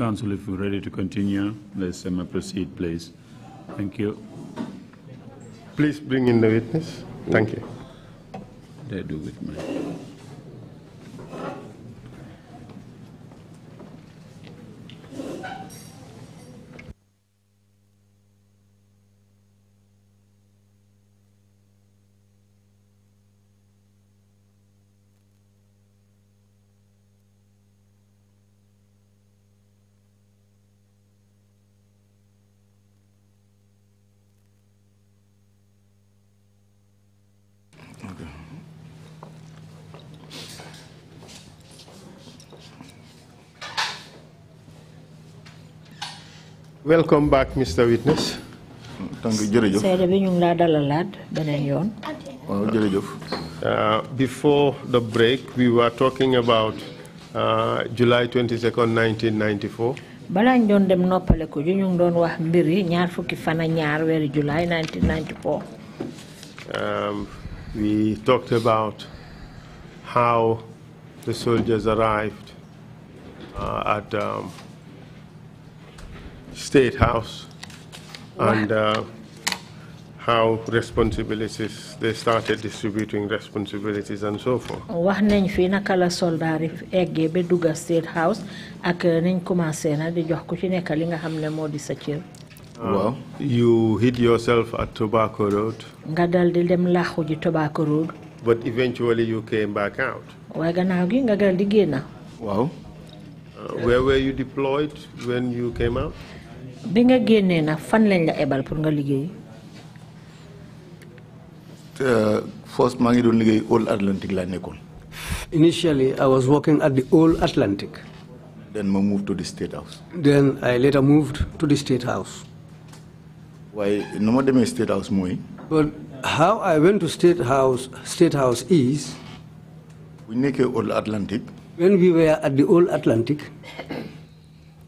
Council, if we're ready to continue, let's um, proceed, please. Thank you. Please bring in the witness. Thank you. They do with me. welcome back Mr Witness. tànk jërëjëf seede uh, before the break we were talking about uh, July 22nd 1994. dem July 1994. Um, we talked about how the soldiers arrived uh, at. Um, State House and uh, how responsibilities, they started distributing responsibilities and so forth. Oh, wax nañ fi naka la State House ak nañ commencé na di jox ku ci nekk li nga di sa uh, you hid yourself at Tobacco Road. nga dal di dem ji Tobacco Road. but eventually you came back out. Wow, gi nga dal di uh, where were you deployed when you came out bi nga fan lañ la ebal pour nga liggéey. Uh, first ngi doon liggéey All nekkoon. Initially, I was working at the Old Atlantic. Then I moved to the State House. Then I later moved to the State House. Why? No more the State House, moi. But how I went to State House, State House is. When we were at the Old Atlantic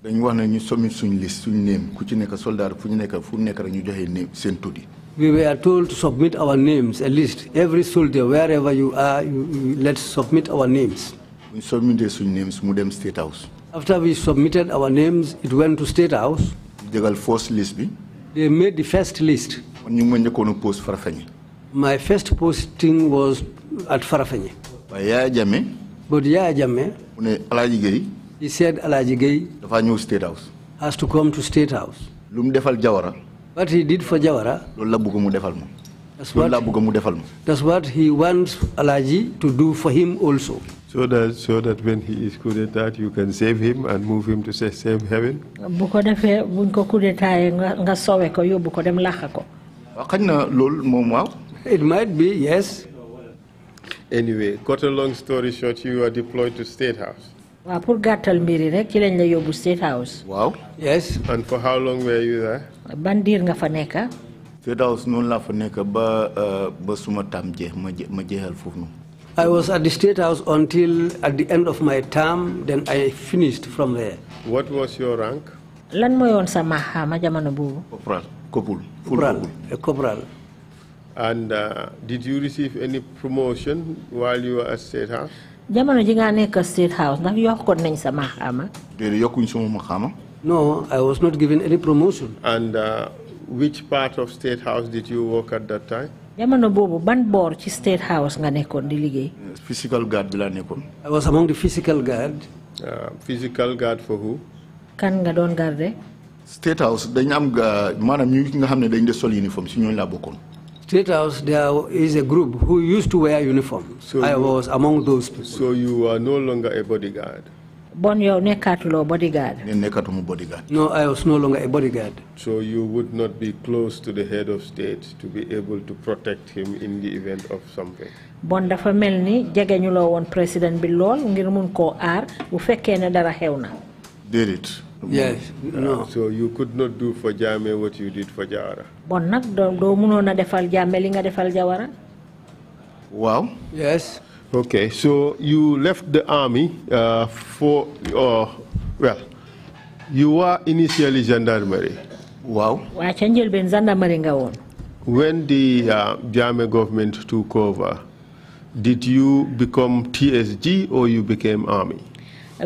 wax ne ñu sommi suñ liste suñ néem ku ci nekk soldat fu ñu nekk fu nekk rek ñu joxe néem seen tuddi we were told to submit our names a list every soldier wherever you are you, you, let's submit our names we submitted suñ names mu dem state house after we submitted our names it went to state house jégal first list bi they made the first list man ñu ma ñëkkoon post farafeñe my first posting was at farafeñi waaye yaaya jame but yaaya jame mu ne alaaji géey he said Alaji Gay dafa ñëw State House has to come to State House Lum defal Jawara what he did for Jawara loolu la bëgg mu defal ma that's what, that's what he wants Alaji to do for him also. So that, so that when he is coup d'état, you can save him and move him to save heaven? Bu ko defee buñ ko coup d'état nga sowe ko yóbbu ko dem ko. na waaw. It might be, yes. Anyway, cut a long story short, you are deployed to State House waaw pour gàttal mbir yi rek ci lañ la yóbbu State House. Wow. yes. and for how long were you there. ban diir nga fa nekk. State House noonu laa fa nekk ba uh, ba suma tam jeex ma je ma jeexal foofu noonu. I was at the State House until at the end of my term then I finished from there. What was your rank? lan mooyoon sa maxaama jamono boobu. Corporal Kopul. Corporal Corporal. And uh, did you receive any promotion while you were at State House? jamono ji nga nekk State House ndax yokkoon nañ sa maxaama. déedéet yokkuñ sama maxaama. no I was not given any promotion. and uh, which part of State House did you work at that time. jamono boobu ban boor ci State House nga nekkoon di liggéey. physical guard bi laa nekkoon. I was among the physical guard. Uh, physical guard for who. kan nga doon garder. State House dañ am uh, maanaam ñu nga xam ne dañ de sol uniforme si ñooñu laa bokkoon. State House, there is a group who used to wear uniform. So I was among those people. So you are no longer a bodyguard? Bon, you nekatulo bodyguard. Nekatumu bodyguard. No, I was no longer a bodyguard. So you would not be close to the head of state to be able to protect him in the event of something. Bon dafa melni jégué ñu président bi lol ngir mun ar bu fekké né dara Did it. Yes, uh, no. So you could not do for Jame what you did for Jawara. Bon nak do mënon na defal Jame li nga defal Jawara? Wow. Yes. Okay, so you left the army uh, for uh, well, you were initially gendarmerie. Wow. Wa ca njëlbeen gendarmerie nga When the uh, Jame government took over, did you become TSG or you became army?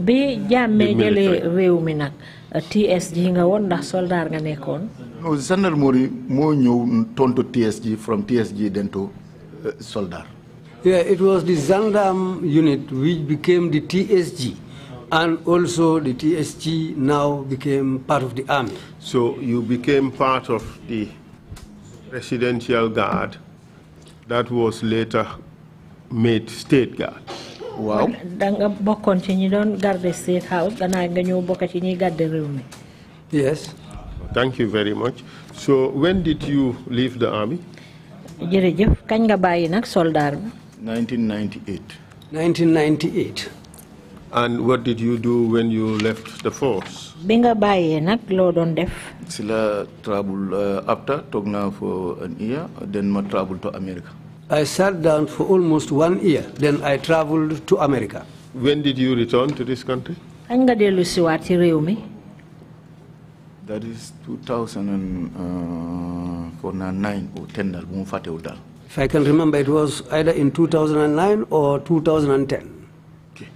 bi jàmmee jëlee réew mi TSG, nga woon ndax soldaar nga gendarmerie ñëw from TSG then to eh, soldaar. Yeah, it was the gendarme unit which became the TSG, and also the TSG now became part of the army. So you became part of the residential guard that was later made state guard waaw da nga bokkoon ci ñi doon garder state house gannaaw nga ñëw bokk ci ñi garder réew mi. yes. thank you very much so when did you leave the army. jërëjëf kañ nga bàyyi nag soldaar bi. 1998. 1998. And what did you do when you left the force? bi nga bàyyee nag loo doon def. si la travel uh, after toog naa for an year then ma travel to America. I sat down for almost one year. Then I traveled to America. When did you return to this country? That is 2009 uh, or 10. If I can remember, it was either in 2009 or 2010. Okay.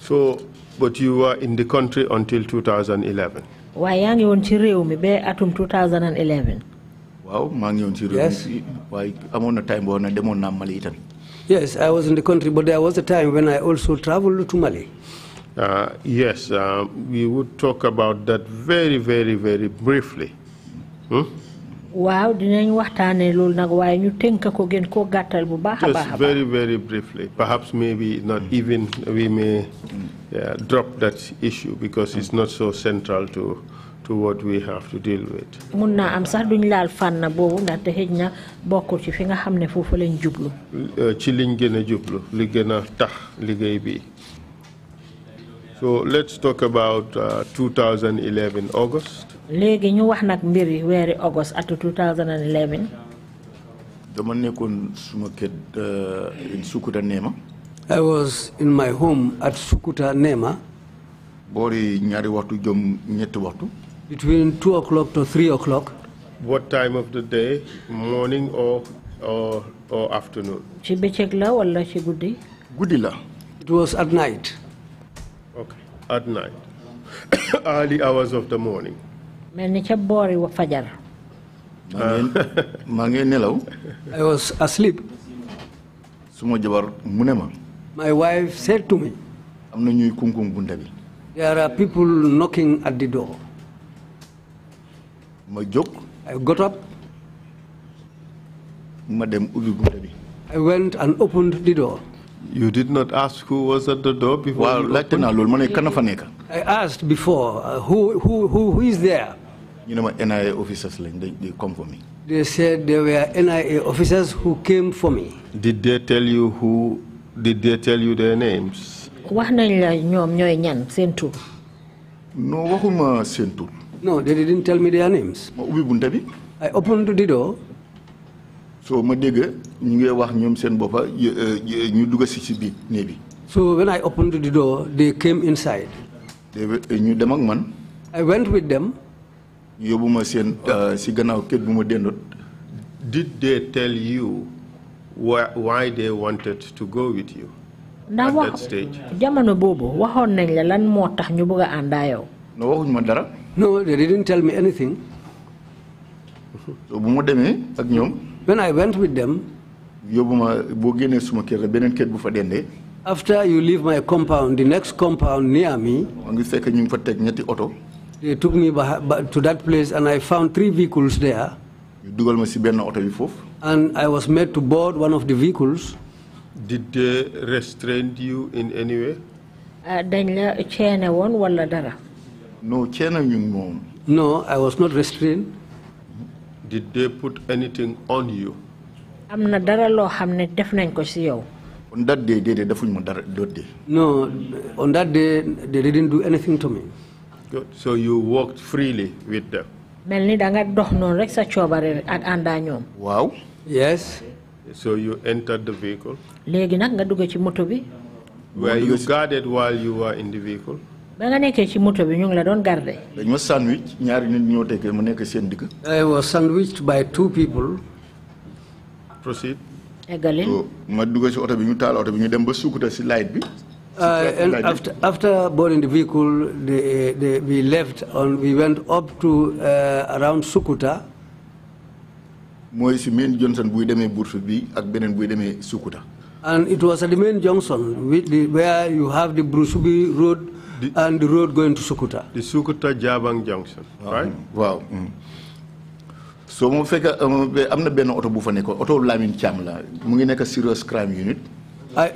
So, but you were in the country until 2011? 2011. Wow, yes. Like, I'm on a time when I demo Mali. Yes, I was in the country, but there was a time when I also traveled to Mali. Uh, yes, uh, we would talk about that very, very, very briefly. Hmm? waaw dinañ waxtaanee loolu nag waaye ñu tënk ko gën gàttal bu baax very very briefly perhaps maybe not even we may uh, drop that issue because it's not so central to to what we have to deal with. mun naa am sax duñ laal fànna boobu ndaxte xëj na bokkul ci fi nga xam ne foofu lañ jublu. Euh, ci liñ gën a jublu li gën a tax liggéey bi. so let's talk about uh, August. léegi ñu wax nag mbir yi weeri August atu 2011. dama nekkoon suma kër euh, Sukuta Nema. I was in my home at Sukuta Nema. boori ñaari waxtu jom ñetti waxtu. Between 2 o'clock to 3 o'clock. What time of the day? Morning or, or, or afternoon? It was at night. Okay, at night. Early hours of the morning. Mel ni wa fajar. I was asleep. Sumo jabar mu My wife said to me. Am There are people knocking at the door ma jóg. I got up. ma dem ubbi bi. I went and opened the door. You did not ask who was at the door before. waaw laajte naa loolu ma kan fa I asked before uh, who, who, who is there. You know, NIA officers lañ they, they come for me. They said there were NIA officers who came for me. Did they tell you who? Did they tell you their names? wax nañ la ñoom ñooy ñan seen tur. non waxuma seen tur. No, they didn't tell me their names. ma ubbi bunta bi. I opened the door. so ma dégg ñu ngi wax ñoom seen boppa euh, ñu dugg si si biir néeg bi. so when I opened the door they came inside. Euh, ñu dem ak man. I went with them. ñu yóbbu seen euh, si gannaaw kër bu ma dendoon. did they tell you why why they wanted to go with you. ndax wax jamono boobu waxoon nañ la lan moo tax ñu bëgg a àndaa yow. no waxuñ ma dara. No, they didn't tell me anything. When I went with them, after you leave my compound, the next compound near me, they took me to that place and I found three vehicles there. And I was made to board one of the vehicles. Did they restrain you in any way? Ah, no, Chena Yungmon. No, I was not restrained. Did they put anything on you? i am not dara loo xam ne def nañ ko si yow. on that day they did definitely dara that day. no on that day they didn't do anything to me. good so you walked freely with them. mel ni da nga dox noonu rek sa coobare ak àndaa ñoom. Wow. yes. so you entered the vehicle. léegi nag nga dugg ci moto bi. were you guarded while you were in the vehicle ba nga ci moto bi ñu ngi la doon garde sandwich nit ñoo mu nekk seen I was sandwiched by two people. proceed. eggalin. ma dugg si bi ñu taal bi ñu dem ba Sukuta light bi. Uh, and after, after boarding the vehicle, the, the, we left and we went up to uh, around Sukuta. Sukuta. And it was at the main junction with the, where you have the Brusubi road the, and the road going to Sukuta. The Sukuta Jabang Junction, right? Wow. Mm. so mu fekk eh, am na benn auto bu fa nekkoon oto Lamine Thiam la mu ngi serious crime unit.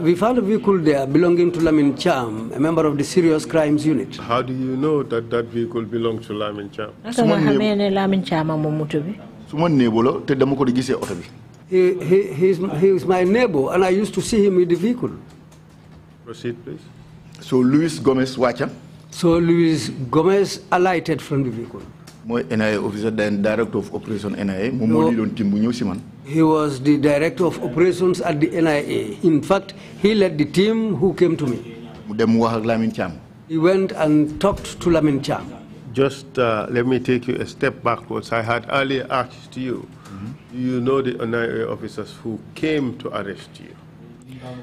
we found a vehicle there belonging to Lamin Cham, a member of the Serious Crimes Unit. How do you know that that vehicle belongs to Lamin Cham? Suma my ne Lamine Cham moom moto bi. Suma te dama ko di bi. He he he is my neighbor and I used to see him with the vehicle. Proceed please. So Luis Gomez Wacha. So Luis Gomez alighted from the vehicle. NIA officer then director of operation NIA moom he was the director of operations at the NIA. in fact he led the team who came to me. he went and talked to Lamine Thiam. just uh, let me take you a step backwards. I had earlier asked you, mm -hmm. you know the NIA officers who came to arrest you.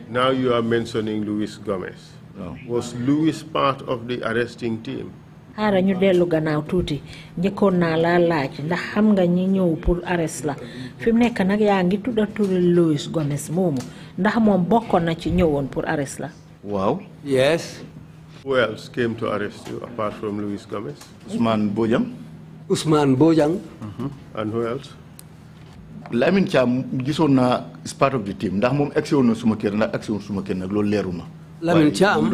Now you are mentioning Luis Gomez. Oh. Was Louis part of the arresting team? xaaral ñu dellu gannaaw tuuti njëkkoon naa laa laaj ndax xam nga ñi ñëw pour arrest la fi mu nekk nag yaa ngi tudda turi Louis Gomez moomu ndax moom bokkoon na ci ñëwoon pour arrest la waaw yes who else came to arrest you apart from Louis Gomez Ousmane Bojang Ousmane Bojang mm-hmm. and who else gisoon na is part of the team ndax moom agsi woon suma kër ndax agsi suma kër nag loolu leeru ma Lamin Cham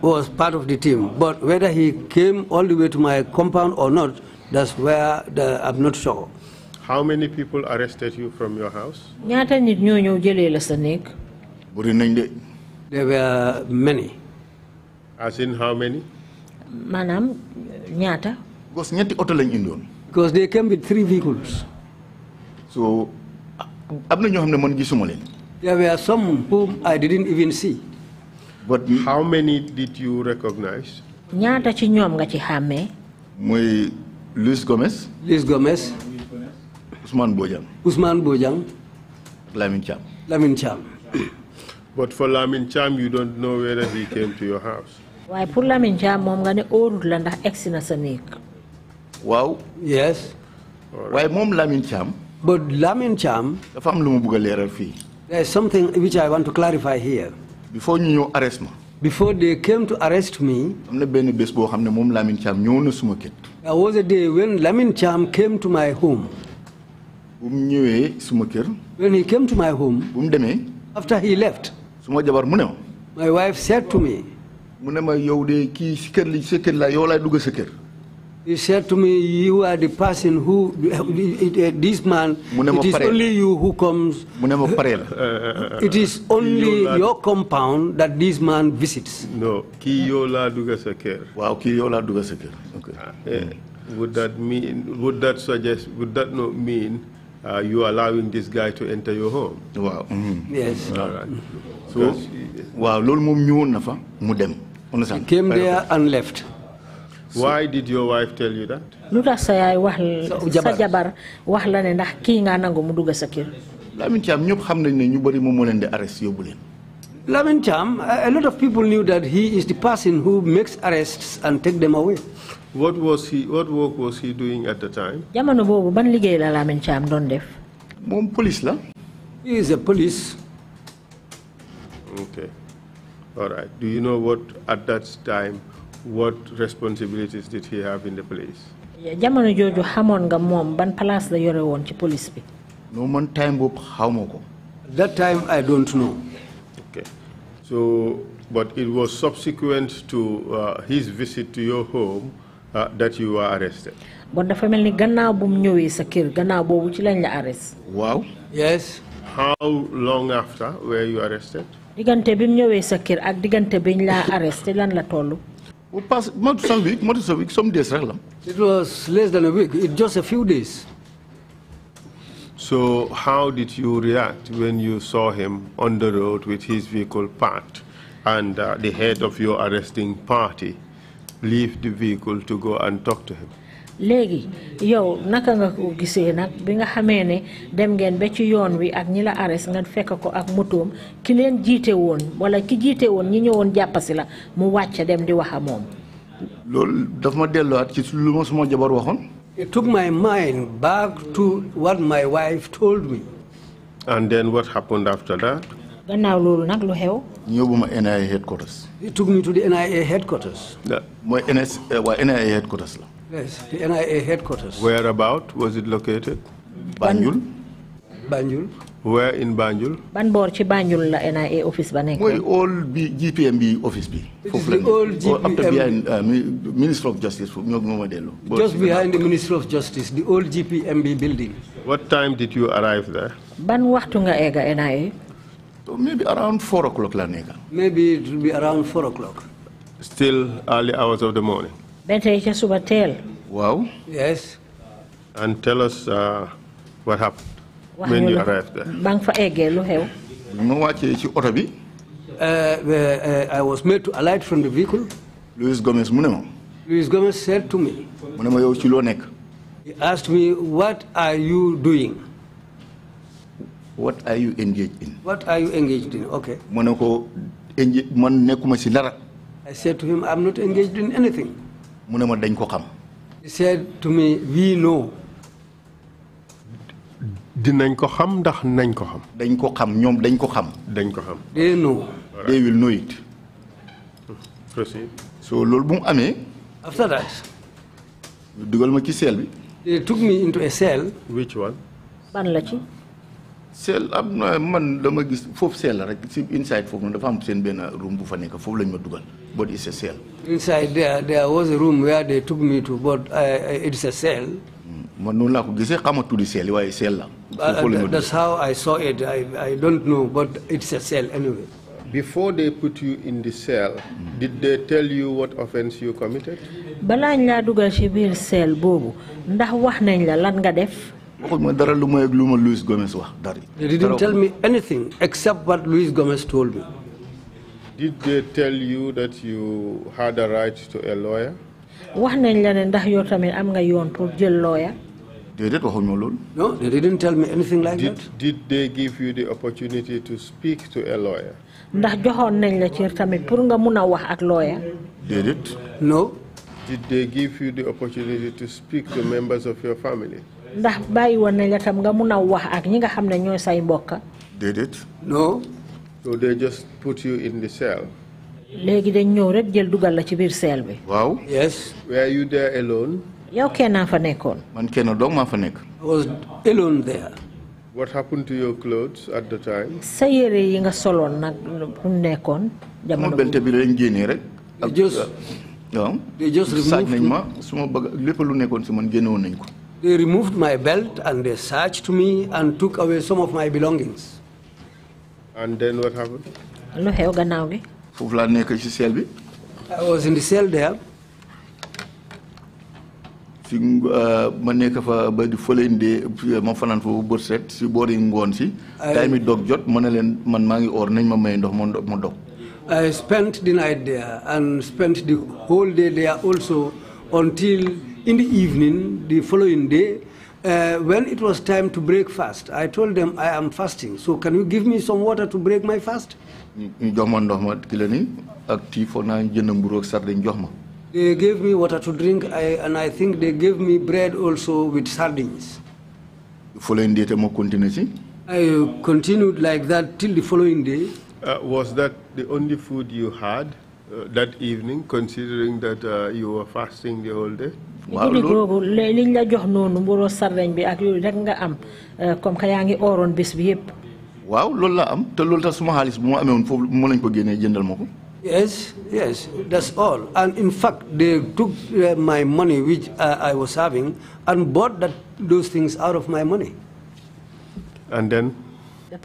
was part of the team. But whether he came all the way to my compound or not, that's where the, I'm not sure. How many people arrested you from your house? There were many. As in how many? Manam, nyata. Because they came with three vehicles. So, there were some whom I didn't even see. But hmm? how many did you recognize? ñaata ci ñoom nga ci xàmmee. muy Luis Gomez. Luis Gomez. Ousmane Bojang. Ousmane Bojang. Lamin Cham. Lamin Cham. But for Lamin Cham, you don't know whether he came to your house. waaye pour Lamin Cham moom nga ne óorut la ndax egsi na sa néeg. waaw. yes. waaye moom Lamin Cham. but Lamin Cham. dafa am lu mu bugg a leeral fii. there is something which I want to clarify here before ñu arrest ma. before they came to arrest me. am na benn bés boo xam ne moom Lamine Thiam ñëw na smoke it. there was a day when Lamin Cham came to my home. when he came to my home. after he left. suma jabar my wife said to me. mu ne ma yow de kii si kër li sa kër la yow laay dugg he said to me, you are the person who, this man, it is only you who comes. it is only your compound that this man visits. No, ki duga seker. Wow, ki duga seker. Eh, would that mean, would that suggest, would that not mean uh, you are allowing this guy to enter your home? Wow. Mm. Yes. All right. So, wow, lol mum nafa, mudem. He came there and left why did your wife tell you that Nuda saya sa yaay wax sa jabar wax la ne ndax kii nga nangu mu dugg sa kër Lamin Cham xam nañ ne ñu bari moom moo leen di arrest yóbbu leen Lamin a lot of people knew that he is the person who makes arrests and take them away what was he what work was he doing at the time jamono boobu ban liggéey la Lamin don doon def moom police la he is a police okay all right do you know what at that time what responsibilities did he have in the police jamono joju xamoon nga moom ban place la yore woon ci police bi no man time boobu xawma ko that time i don't know okay so but it was subsequent to uh, his visit to your home uh, that you were arrested bon dafa mel ni gannaaw bu mu ñëwee sa kër gannaaw boobu ci lañ la arrest waaw yes how long after were you arrested diggante bi mu ñëwee sa kër ak diggante biñ la arresté lan la tollu some week, some week, some days, right? It was less than a week. It just a few days. So how did you react when you saw him on the road with his vehicle parked and uh, the head of your arresting party leave the vehicle to go and talk to him? léegi yow naka nga ko gisee nag bi nga xamee ne dem ngeen ba ci yoon wi ak ñi la arrest nga fekk ko ak motoom ki leen jiite woon wala ki jiite woon ñi ñëwoon jàppasi la mu wàcc dem di wax a moom. loolu dafa ma delluwaat ci lu ma suma jabar waxoon. It took my mind back to what my wife told me. And then what gannaaw loolu nag lu xew. ñëw ma NIA headquarters. It took me to mooy NIA headquarters la. Yes, the NIA headquarters. Where about was it located? Banjul? Banjul. Where in Banjul? Ban bor Banjul la NIA office ba The old bi GPMB office bi. foofu la old GPMB after behind uh, Minister of Justice foofu ñoo ma just behind the Minister of Justice the old GPMB building. what time did you arrive there? ban waxtu nga egga NIA. So maybe around 4 o'clock la maybe it will be around 4 o'clock. still early hours of the morning. Benteja tell. Wow. Yes. And tell us uh, what happened when you arrived there. Bang fa egge eh, lu xew. Mu wacce ci auto bi. Uh, uh, I was made to alight from the vehicle. Luis Gomez mu Luis Gomez said to me. Mu ne yow ci lo nek. He asked me, what are you doing? What are you engaged in? What are you engaged in? Okay. Mu ne man nekuma ci dara. I said to him, I'm not engaged in anything. mu ne ma dañ ko xam. said to me we know. dinañ ko xam ndax nañ ko xam. dañ ko xam ñoom dañ ko xam. dañ ko xam. de no. de will know it. proceed. so loolu bu mu amee. after that. dugal ma ci sel bi. they took me into a cell. which one. ban la ci. seel am na man dama gis foofu seel la rek si inside foofu noonu dafa am seen benn room bu fa nekk foofu lañ ma dugal but it's a a room to but uh, uh, it's a cell. Hmm. man noonu laa ko gisee xamatu tuddi seel yi waaye seel la. Uh, foofu lañ ma dugal that's how I saw it I I don't know but it's a cell anyway. before they put you in the cell. Hmm. did they tell you what offense you committed. balaañ laa dugal si biir cell boobu ndax wax nañ la lan nga def. waxuma Luis Gomez wax didn't tell me anything except what Luis Gomez told me. Did they tell you that you had a right to a lawyer? wax nañ la ne ndax yow tamit am nga yoon pour jël lawyer. déedéet waxuñu loolu. no they didn't tell me anything like that. Did they give you the opportunity to speak to a lawyer? ndax joxoon nañ la ci tamit pour nga mun a wax ak lawyer. déedéet. no. Did they give you the opportunity to speak to members of your family? ndax bàyyi woon nañ la tam nga mun a wax ak ñi nga xam ne ñooy say mbokk. déedéet. non. so they just put you in the cell. léegi dañ ñëw rek jël dugal la ci biir cell bi. waaw. yes. were you there alone. yow kenn naa fa nekkoon. man kenn dong maa fa nekk. I was alone there. What happened to your clothes at the time? sa yére yi nga soloon nag fu nekkoon. jamono bente bi lañ génnee rek. ak just. waaw. they just removed saaj nañ ma su ma bëgg lépp lu nekkoon si man génnewoon nañ ko. They removed my belt and they searched me and took away some of my belongings. And then what happened? I was in the cell there. I spent the night there and spent the whole day there also until in the evening, the following day, uh, when it was time to break fast, I told them I am fasting. So can you give me some water to break my fast? They gave me water to drink, I, and I think they gave me bread also with sardines. Following day, I continued like that till the following day. Uh, was that the only food you had? Uh, that evening, considering that uh, you were fasting the whole day? Euh, wow! Yes, yes, that's all. And in fact, they took uh, my money, which uh, I was having, and bought that, those things out of my money. And then? the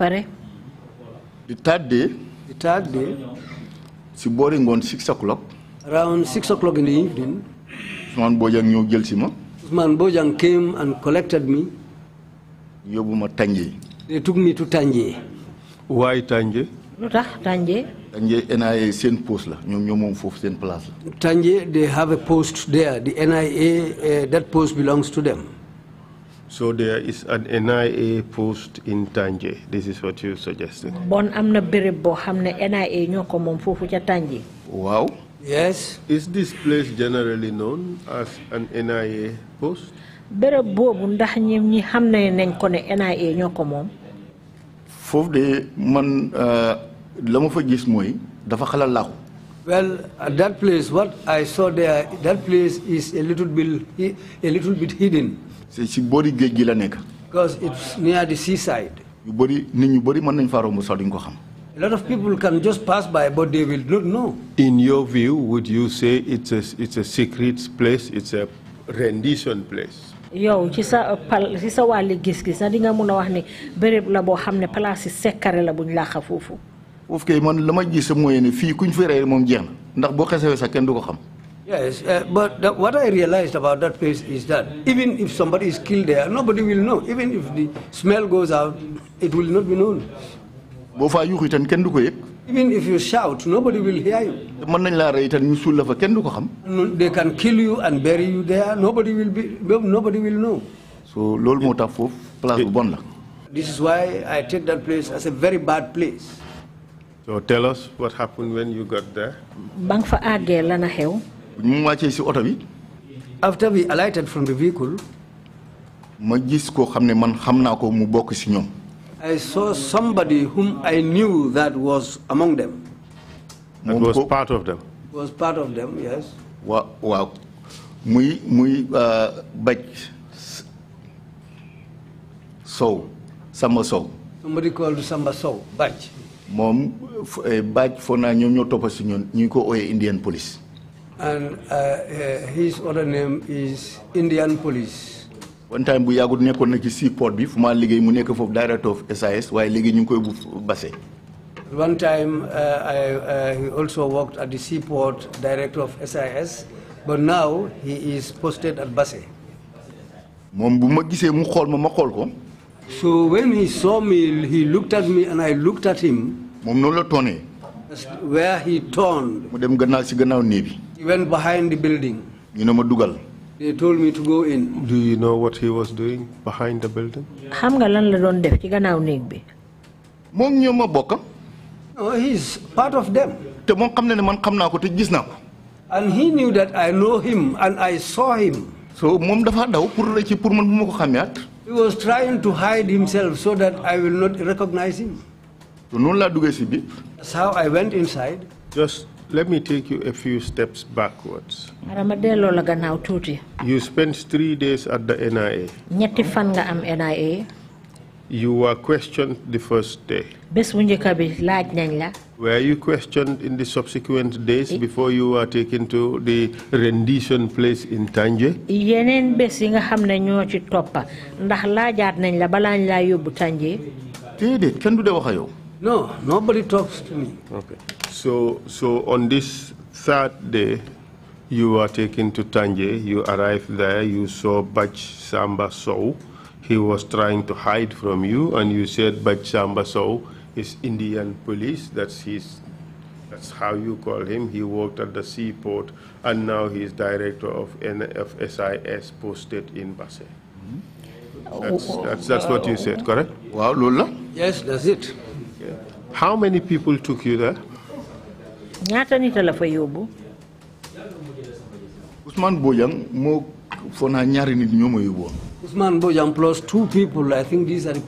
third day. The third day si boring gone six o'clock. around six o'clock in the evening. Ousmane Bojang ñëw jël si ma. Ousmane Bojang came and collected me. Yobu ma Tànje. they took me to Tànje. why Tànje. lu tax Tànje. Tànje NIA seen post la ñoom ñoo moom foofu seen place la. Tànje they have a post there the NIA eh, that post belongs to them. So there is an NIA post in Tanje. This is what you suggested. Bon amna bereb bo xamne NIA ñoko mom fofu ca Tanje. Wow. Yes. Is this place generally known as an NIA post? Berebo bobu ndax ñim ñi xamne nañ ko ne NIA ñoko mom. Fofu de man eh, lama fa gis moy dafa xala laxu. Well, at that place, what I saw there, that place is a little bit, a little bit hidden. si boori géej gi la nekk. because it's near the seaside. bëri nit ñu bëri mën nañ faa romb sol duñ ko xam. a lot of people can just pass by but they will not know. in yow ci sa pal ci sa wàlli gis-gis na di nga mun a wax ne béréb la boo xam ne place yi sekkare la buñ laaxa foofu. foofu kay man la ma gis sa mooy ne fii kuñ fi rey moom jeex na ndax boo xesewee sax kenn du ko xam. Yes, uh, but the, what I realized about that place is that even if somebody is killed there, nobody will know. Even if the smell goes out, it will not be known. Even if you shout, nobody will hear you. They can kill you and bury you there. Nobody will be. Nobody will know. So, lol place This is why I take that place as a very bad place. So tell us what happened when you got there. Bang fa agel na after we alighted from the vehicle. I saw somebody whom I knew that was among them. That was part of them. Was part of them, yes. Wow, wow. Muy muy uh, baj so Samba Sow. Somebody called Samba Sow, baj. Mom eh, baj for ñom ñoo topa ci ñun ñu Indian police and uh, uh his other name is Indian Police. One time bu yàggul nekkoon na ci seaport bi fu ma liggéey mu nekk foofu director of SIS waaye léegi ñu ngi koy bu Basse. One time uh, I uh, he also worked at the seaport director of SIS but now he is posted at Basse. moom bu ma gisee mu xool ma ma xool ko. So when he saw me he looked at me and I looked at him. moom noonu la toonee. Where he turned. mu dem gannaaw si gannaaw néeg bi. He went behind the building. You know, Madugal. They told me to go in. Do you know what he was doing behind the building? xam he's part of them. te moom man xam naa ko and he knew that I know him and I saw him. so man he was trying to hide himself so that I will not recognize him. si that's how I went inside. just let me take you a few steps backwards. You spent three days at the NIA. You were questioned the first day. Were you questioned in the subsequent days before you were taken to the rendition place in Tanje? Did it? can nga xam No, nobody talks to me. Okay. So, so on this third day, you were taken to Tanje. You arrived there. You saw Bach Samba He was trying to hide from you, and you said Bach Samba is Indian police. That's his. That's how you call him. He worked at the seaport, and now he's director of NFSIS posted in Basse. That's, that's, that's what you said, correct? Wow, Lula? Yes, that's it. How many people took you there? ñaata nit la fa yóbbu. Ousmane Bojang moo foo naa ñaari nit ñoo ma yóbbu woon. Ousmane Bojang plus two people I think these are the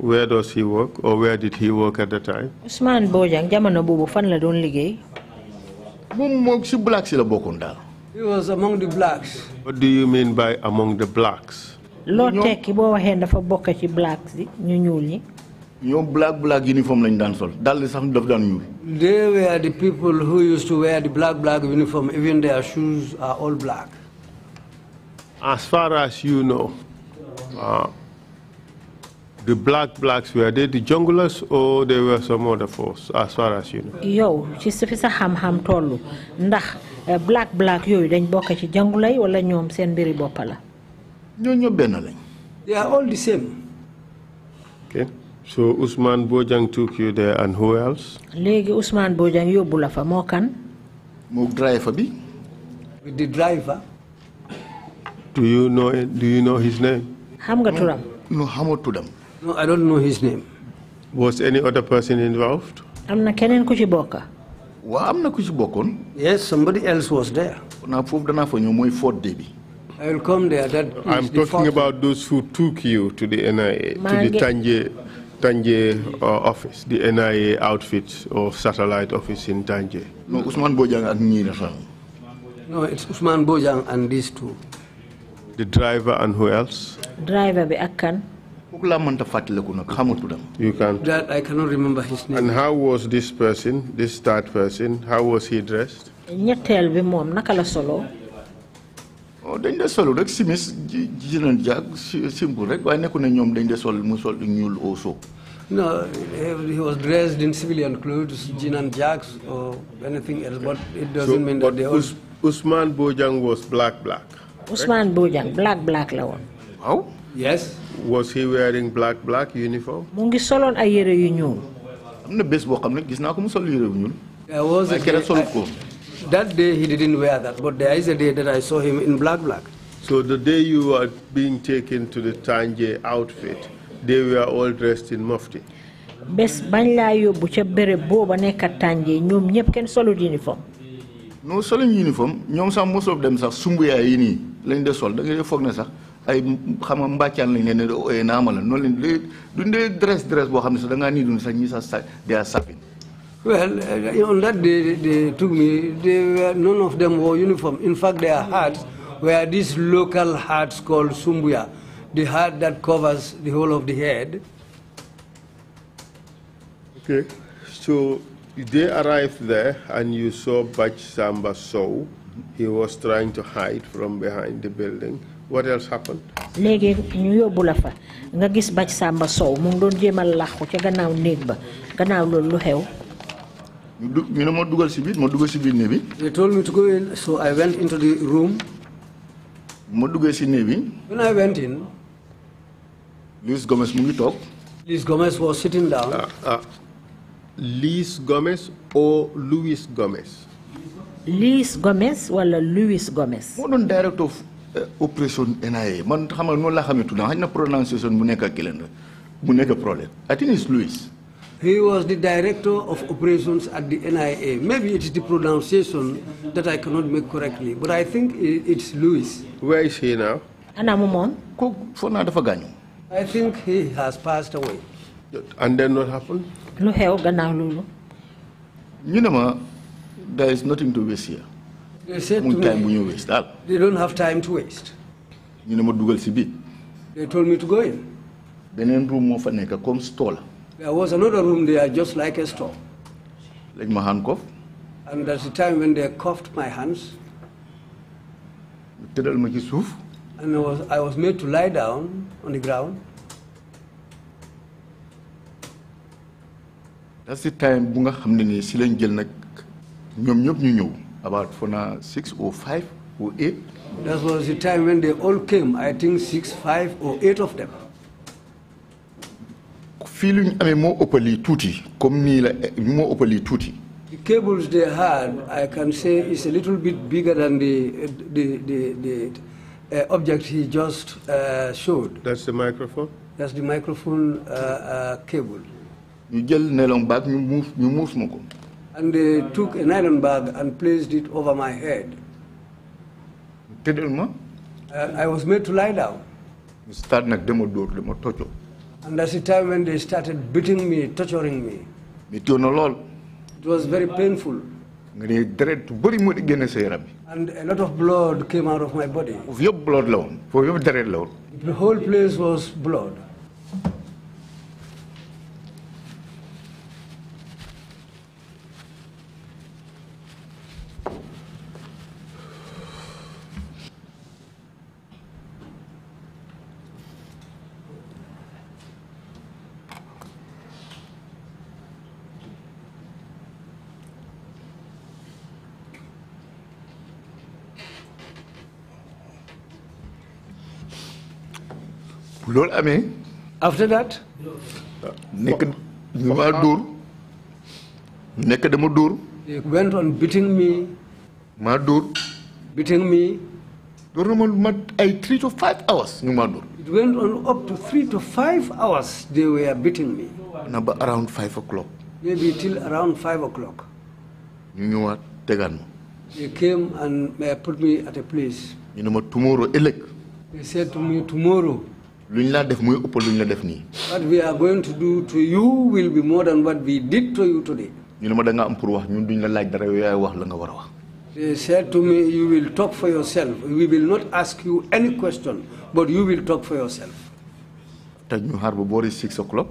where does he work at the time. Ousmane Bojang jamono boobu fan la doon liggéey. moom moom si blacks yi la bokkoon daal. he was among loo tekki boo waxee dafa bokk ci blacks yi ñu ñuul ñi. ñoom black black uniform lañ daan sol dal sax daf daan ñuul. they were the people who used to wear the black black uniform even their shoes are all black. as far as you know uh, the black blacks were they the junglers or they were some other force as far as you know. yow ci fi sa xam-xam tollu ndax uh, black black yooyu dañ bokk ci jangula wala ñoom seen mbiri bopp la. ñoo ñoo benn lañ. they are all the same. okay. So Usman Bojang took you there and who else? Legi Usman Bojang yobbu la fa mo kan? Mo driver bi. With the driver. Do you know Do you know his name? Ham nga turam? No, hamo turam. No, I don't know his name. Was any other person involved? Amna kenen ku ci bokka. Wa amna ku ci bokkon? Yes, somebody else was there. Na fofu dana fa moy fourth day I will come there. That I'm talking about those who took you to the NIA, to the Tangier Tanje uh, office, the NIA outfit or satellite office in Tanje? No, Usman Bojang and Nina. No, it's Usman Bojang and these two. The driver and who else? Driver be Akan. You can't. That I cannot remember his name. And how was this person, this third person, how was he dressed? Oh, rek simis ji nañ simple rek nekku sol mu sol No, he was dressed in civilian clothes, jeans and jacks or anything else, but it doesn't so, mean that they all... Usman Bojang was black, black. Usman Bojang, black, black la woon. yes. was he wearing black, black uniform? mu ngi soloon ay yére yu ñuul. am the bés worker. I'm gis naa ko mu sol yére yu ñuul. I was a that day he didn't wear that, but there is a day that I saw him in black black. So the day you were being taken to the Tanje outfit, they were all dressed in mufti. bés bañ laa yóbbu ca béréb booba nekka tànje ñoom ñëpp kenn solut uniform, non soluñ uniforme ñoom sax mosoof dem sax sumbuyaay yi nii lañ de sol da nga foog ne sax ay xam nga mbàccaan lañ leen ne de ooyee oh, eh, naama la noonu leen duñ dee dress dress boo xam ne sax da ngaa nii dun sax ñi sax sa dea sapin well, uh, on that day, they took me. They were, none of them wore uniform. In fact, their hats were these local hats called sumbuya, the hat that covers the whole of the head. Okay, so they arrived there, and you saw Bach Samba Sow. He was trying to hide from behind the building. What else happened? Legi ñu yóbbu la fa nga gis Bach Samba Sow mu ngi doon jéem ca gannaaw néeg ba gannaaw loolu lu xew they told me to go in so I went into the room. ma duggee when I went in. Luis Gomez mu Luis Gomez was sitting down. ah, ah. Luis Gomez or Luis Gomez. Luis Gomez or Luis Gomez. moo doon director of eh, operation NIA man xam nga noonu laa xamee tudd xëy na prononciation mu nekk ak kilén I think it's Luis. He was the director of operations at the NIA. Maybe it is the pronunciation that I cannot make correctly, but I think it's Louis. Where is he now? Anamumon. I think he has passed away. And then what happened? You know, there is nothing to waste here. They said to me, waste that. they don't have time to waste. You know, They told me to go in. Then room of a come stall. There was another room there, just like a store. Like my handcuff? And at the time when they cuffed my hands. And I was, I was made to lie down on the ground. That's the time bu nga xam ne nii si lañ about for six or oh five or oh eight. That was the time when they all came. I think six, five or oh eight of them fii lu ñu amee moo ëppali tuuti comme nii la The cables they had, I can say, is a little bit bigger than the the the, the uh, object he just uh, showed. That's the microphone. That's the microphone uh, uh cable. ñu jël nylon bag you move, you move ma And they took a nylon bag and placed it over my head. tëddal ma. Uh, I was made to lie down. stade nag dama dóor dama toccoo. And that's the time when they started beating me, torturing me. It was very painful. And a lot of blood came out of my body. The whole place was blood. bu loolu after that. nekk ñu ma dóor nekk dama dóor. they went on beating me. maa dóor. beating me. dóor na ay three to five hours ñu maa dóor. it went on up to three to five hours they were beating me. na ba around five o'clock. maybe till around five o'clock. ñu ñëwaat tegaan ma. he came and uh, put me at a place. ñu ne ma tomorrow ëllëg. they said to me tomorrow lu la def mooy ëpp lu la def nii. what we are going to do to you will be more than what we did to you today. ñu ma da nga am pour wax ñun duñ la laaj dara yaay wax la nga war wax. they said to me you will talk for yourself we will not ask you any question but you will talk for yourself. te ñu xaar ba boori six o'clock.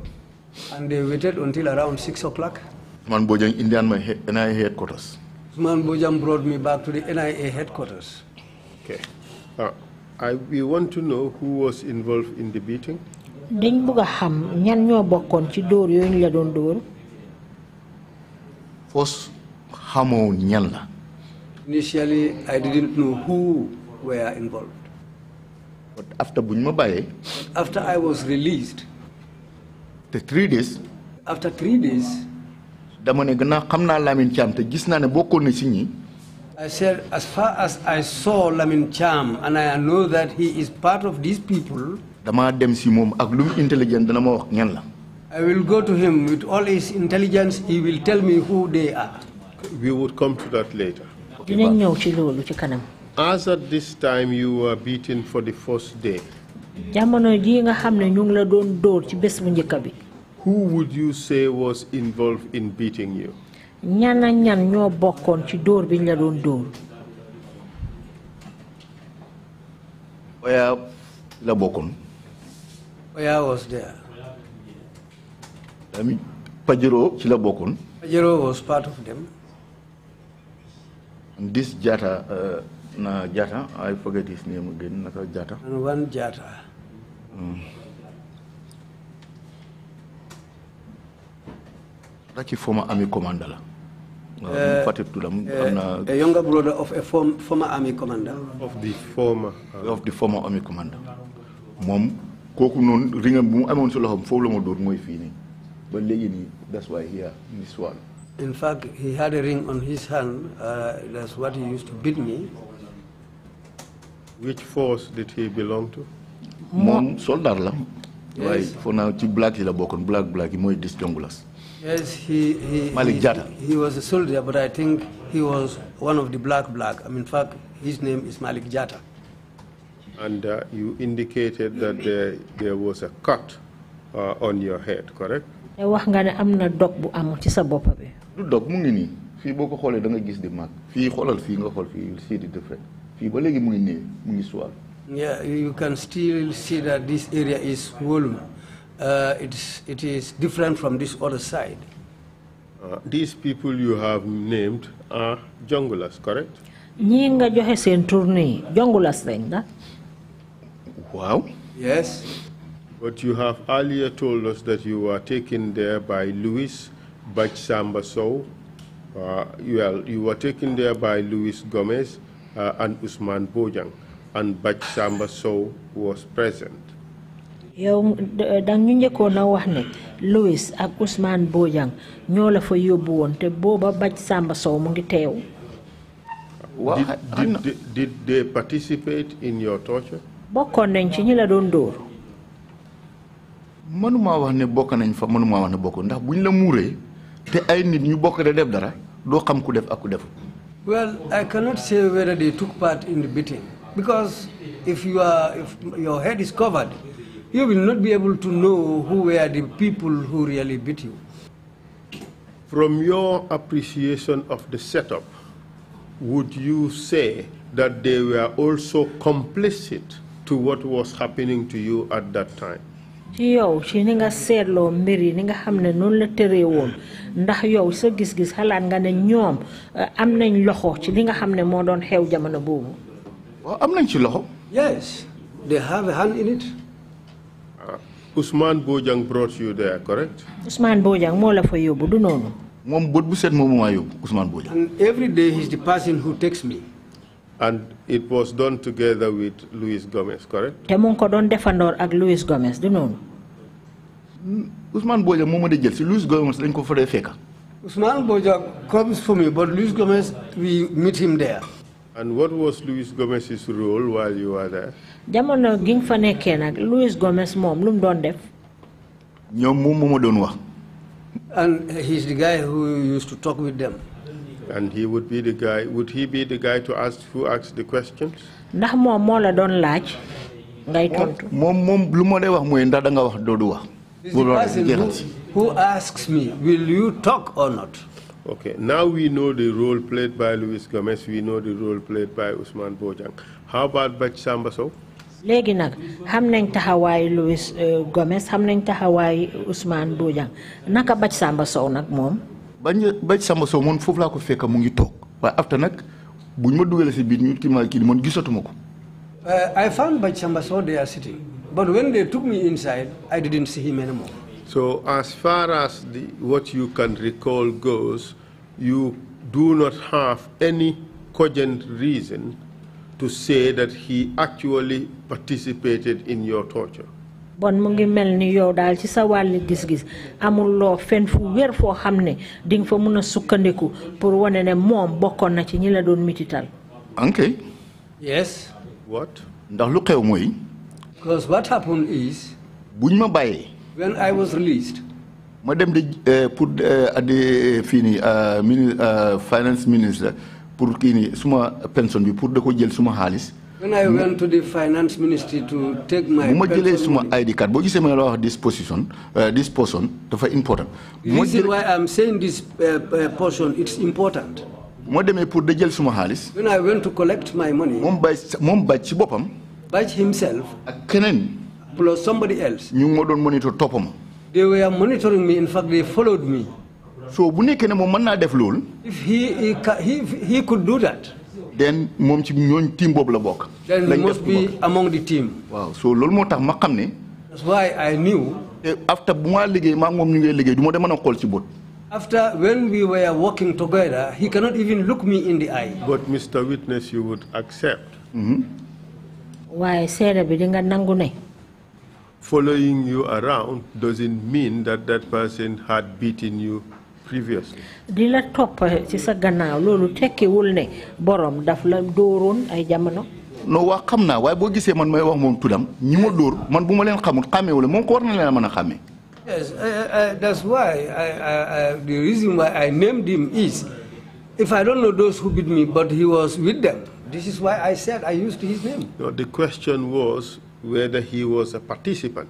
and they waited until around six o'clock. Usman Bojang Indian my NIA headquarters. Usman Bojang brought me back to the NIA headquarters. Okay. All right. I, we want to know who was involved in the beating. dañ bëgg a xam ñan ñoo bokkoon ci dóor yooyu ñu la doon dóor. first xamoo ñan la. initially I didn't know who were involved. but after buñ ma bàyyee. after I was released. The three days. after three days. dama ne gannaaw xam naa Lamin Caam te gis naa ne bokkoon na si ñi. I said, as far as I saw Lamin Cham and I know that he is part of these people, intelligent I will go to him with all his intelligence. He will tell me who they are. We would come to that later. dinañ kanam. As at this time you were beaten for the first day. nga la dóor bés Who would you say was involved in beating you? ñan ñan ñoo bokkoon ci dóor biñ la doon dóor. Oya la bokkoon. Oya ci la bokkoon. Pajero was part of them. And this euh, na Jata, I forget his name again, naka Jata. And one That's a former army commander. Uh, uh, a younger brother of a form, former army commander. Of the former. Uh, of the former army commander. Mom, koku non ringa bu amone solo ham fo lamo dor moy fi ni. Ba legi ni that's why here in this one. In fact, he had a ring on his hand. Uh, that's what he used to beat me. Which force did he belong to? Mom, soldier lam. Yes. Why for now, black he la bokon black black he moy distinguished. Yes, he, he, Malik Jata. He, he was a soldier, but I think he was one of the black black. I mean, in fact, his name is Malik Jata. And uh, you indicated that there, there was a cut uh, on your head, correct? wax nga ne am na dog bu am ci sa bopp bi. du dog mu ngi nii fii boo ko xoolee da nga gis di mag fii xoolal fii nga xool fii see the difference fii ba léegi mu ngi nii mu ngi suwal. yeah you can still see that this area is swollen. Uh, it's, it is different from this other side. Uh, these people you have named are junglers, correct? Nyinga johe joxe seen junglers Wow. Yes. But you have earlier told us that you were taken there by Louis Bachsamba Uh, you, you were taken there by Luis Gomez uh, and Usman Bojang, and Bachsamba was present. yow eh, dang ñu njëkkoon a wax ne Louis ak Ousmane Bojang ñoo la fa yóbbu woon te booba baj Samba Sow mu ngi teew. waaw did ah, ah, did they bokkoon nañ ci ñi la doon dóor. mënumaa wax ne bokk nañ fa mënumaa wax ne bokk ndax bu buñ la muuree te ay nit ñu bokk de def dara doo xam ku def ak ku deful. well I cannot say whether they took part in the beating because if you are if your head is covered. you will not be able to know who were the people who really beat you. From your appreciation of the setup, would you say that they were also complicit to what was happening to you at that time? yow ci ni nga seetloo mbir yi ni nga xam ne noonu la tëree ndax yow sa gis-gis xalaat nga ne ñoom eh, am nañ loxo ci li nga xam ne moo doon xew jamono boobu. am nañ ci loxo. yes they have a hand in it. Ousmane Bojang brought you there, correct? Ousmane Bojang moo la fa yóbbu du noonu. moom bët bu set moom moo yóbbu Ousmane Bojang. and every day he's the person who takes me. and it was done together with Luis Gomez, correct? te ko don defandoor ak Luis Gomez du know? Mm, Ousmane Bojang moom de di jël Luis Gomez lañ ko fa dee Ousmane Bojang comes for me but Luis Gomez we meet him there. And what was Luis Gomez's role while you were there? jamono ging nga fa nekkee nag Luis Gomez moom lu mu doon def. ñoom moom moo ma wax. And he's the guy who used to talk with them. And he would be the guy, would he be the guy to ask who asked the questions? ndax moom moo la doon laaj ngay tontu. moom moom lu ma lay wax mooy ndax da nga wax doo du wax. Who asks me, will you talk or not? Okay, now we know the role played by Luis Gomez, we know the role played by Usman Bojang. How about Bach Sambaso? léegi nag xam nañ taxawaay Louis eh, Gomes xam nañ taxawaay Ousmane Bojang naka Bac Samba Sow nag moom. bañ Bac Samba Sow moom foofu laa ko fekk mu ngi toog waaye after nag bu ñu ma dugalee si biir ñu timal kii man gisatuma ko. Eh, I found Bac Samba Sow they are sitting but when they took me inside I didn't see him anymore. So as far as the, what you can recall goes, you do not have any cogent reason to say that he actually participated in your torture. bon mu ngi mel ni yow daal ci sa wàlli gis-gis amul loo fen fu wér foo xam ne fa mun a pour wane ne moom bokkoon na ci ñi la doon mitital. ok. yes. what. ndax lu xew mooy. because what happened is. buñ ma bàyyee. When I was released. Madame dem di eh, pour eh, addi eh, mini finance minister pour kii suma pension bi pour da ko jël suma xaalis. When I went to the finance ministry to take my. put ma jëlee suma ID card boo gisee ma la wax this position this person dafa important. reason why I'm saying this portion it's important. bu ma pour da jël suma xaalis. When I went to collect my money. moom bàyyi Chibopam, by ci himself. ak plus somebody else. New ngi ma doon monitor they were monitoring me in fact they followed me. so bu if he he he could do that. then moom ci ñooñ team la then he must be among the team. Wow. so loolu moo tax ma that's why I knew. after bu maa liggéey maa moom ñu ngay liggéey du dem ci After, when we were walking together, he cannot even look me in the eye. But, Mr. Witness, you would accept. Mm -hmm. Why, ne following you around doesn't mean that that person had beaten you previously. di la topp ci sa gannaaw loolu tekkiwul ne borom daf la dóoroon ay jamono. non waa xam naa waaye gisee man may wax moom tuddam dóor man bu ma xamul xàmmeewu la ko war na a mën yes that's why the reason why I named him is if I don't know those who beat me but he was with them this is why I said I used his name. the question was whether he was a participant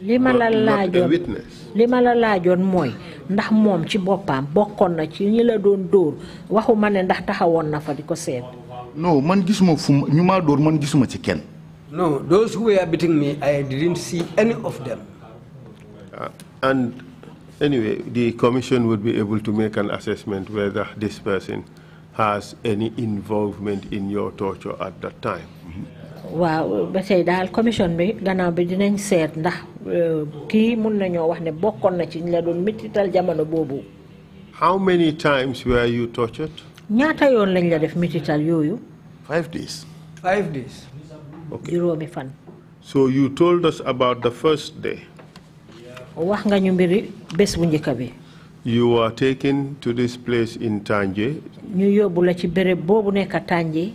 li ma la man gisuma dóor man no those who were beating me I didn't see any of them uh, and anyway the commission would be able to make an assessment whether this person has any involvement in your torture at that time mm-hmm ba commission bi bi dinañ ndax euh, wax ne na ci ñu la doon jamono how many times were you tortured. ñaata yoon lañ la def five days. five days. okay juróomi fan. so you told us about the first day. wax nga ñu mbiri bés bu bi. you were taken to this place in Tanje. ñu yóbbu ci béréb boobu nekk Tanje.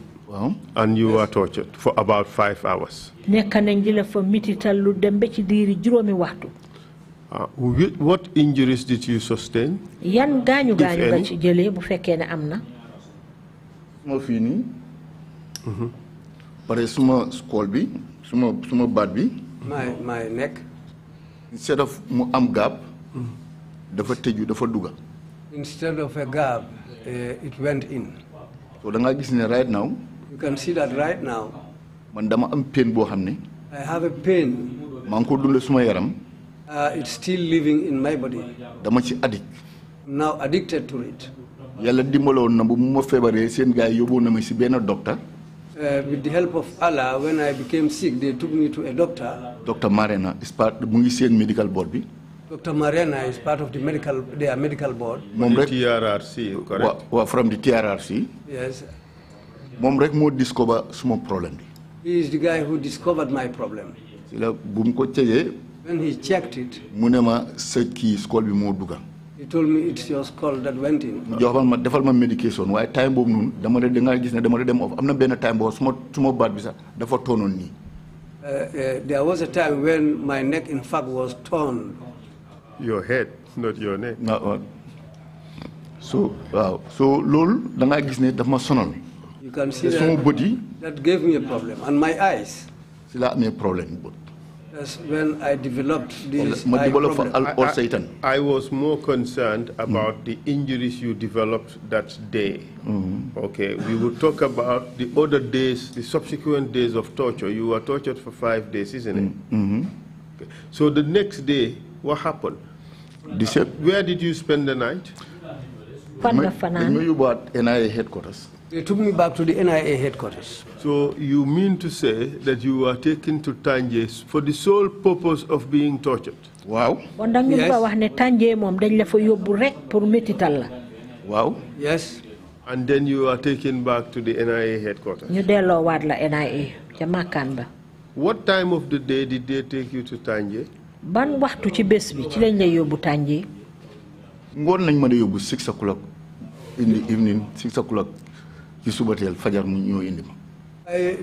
And you were tortured for about five hours. Uh, what injuries did you sustain? Yan ci jëlé bu amna. Mo Mhm. Paré suma mm-hmm. bi, suma suma bi. My my neck. Instead of mu am gap, mm-hmm. dafa teju dafa duga. Instead of a gap, uh, it went in. So da nga gis right now, can see that right now. man dama am pain I have a pain. ko suma yaram. Uh, it's still living in my body. dama ci addict. now addicted to it. yàlla na bu mu seen na ma docteur. Uh, with the help of Allah when I became sick they took me to a doctor. Doctor Marena is part mu ngi medical board bi. Dr. Marena is part of the medical, their medical board. From the TRRC, correct? from the TRRC. Yes moom rek moo discover suma problème bi. he is the guy who discovered my problem. la ko when he checked it. Munema ne ma sa bi he told me it's your skull that went in. Development ma defal ma medication Why time boobu noonu dama de da gis ne dama de dem off am na time boobu suma suma baat bi sax dafa toonoon nii. Uh, uh, there was a time when my neck in fact was torn. your head not your neck. Uh, waaw so wow so loolu da ngaa gis ne daf sonal can see that, body, that gave me a problem, and my eyes. Sila a problem, but. That's when I developed this eye problem. I, I, I, was more concerned about mm. the injuries you developed that day. Mm. Okay, we will talk about the other days, the subsequent days of torture. You were tortured for five days, isn't it? Mm -hmm. okay. So the next day, what happened? Where did you spend the night? You were at NIA headquarters. They took me back to the NIA headquarters. So you mean to say that you were taken to Tanje for the sole purpose of being tortured? Wow. Yes. Wow. Yes. And then you are taken back to the NIA headquarters. la NIA Makamba. What time of the day did they take you to Tanje? Ban waxtu ci bes bi ci lañ yobbu Tanje. Ngon lañ ma yobbu 6 o'clock in the evening, 6 o'clock ci subatel fajar mu ñoo indi ma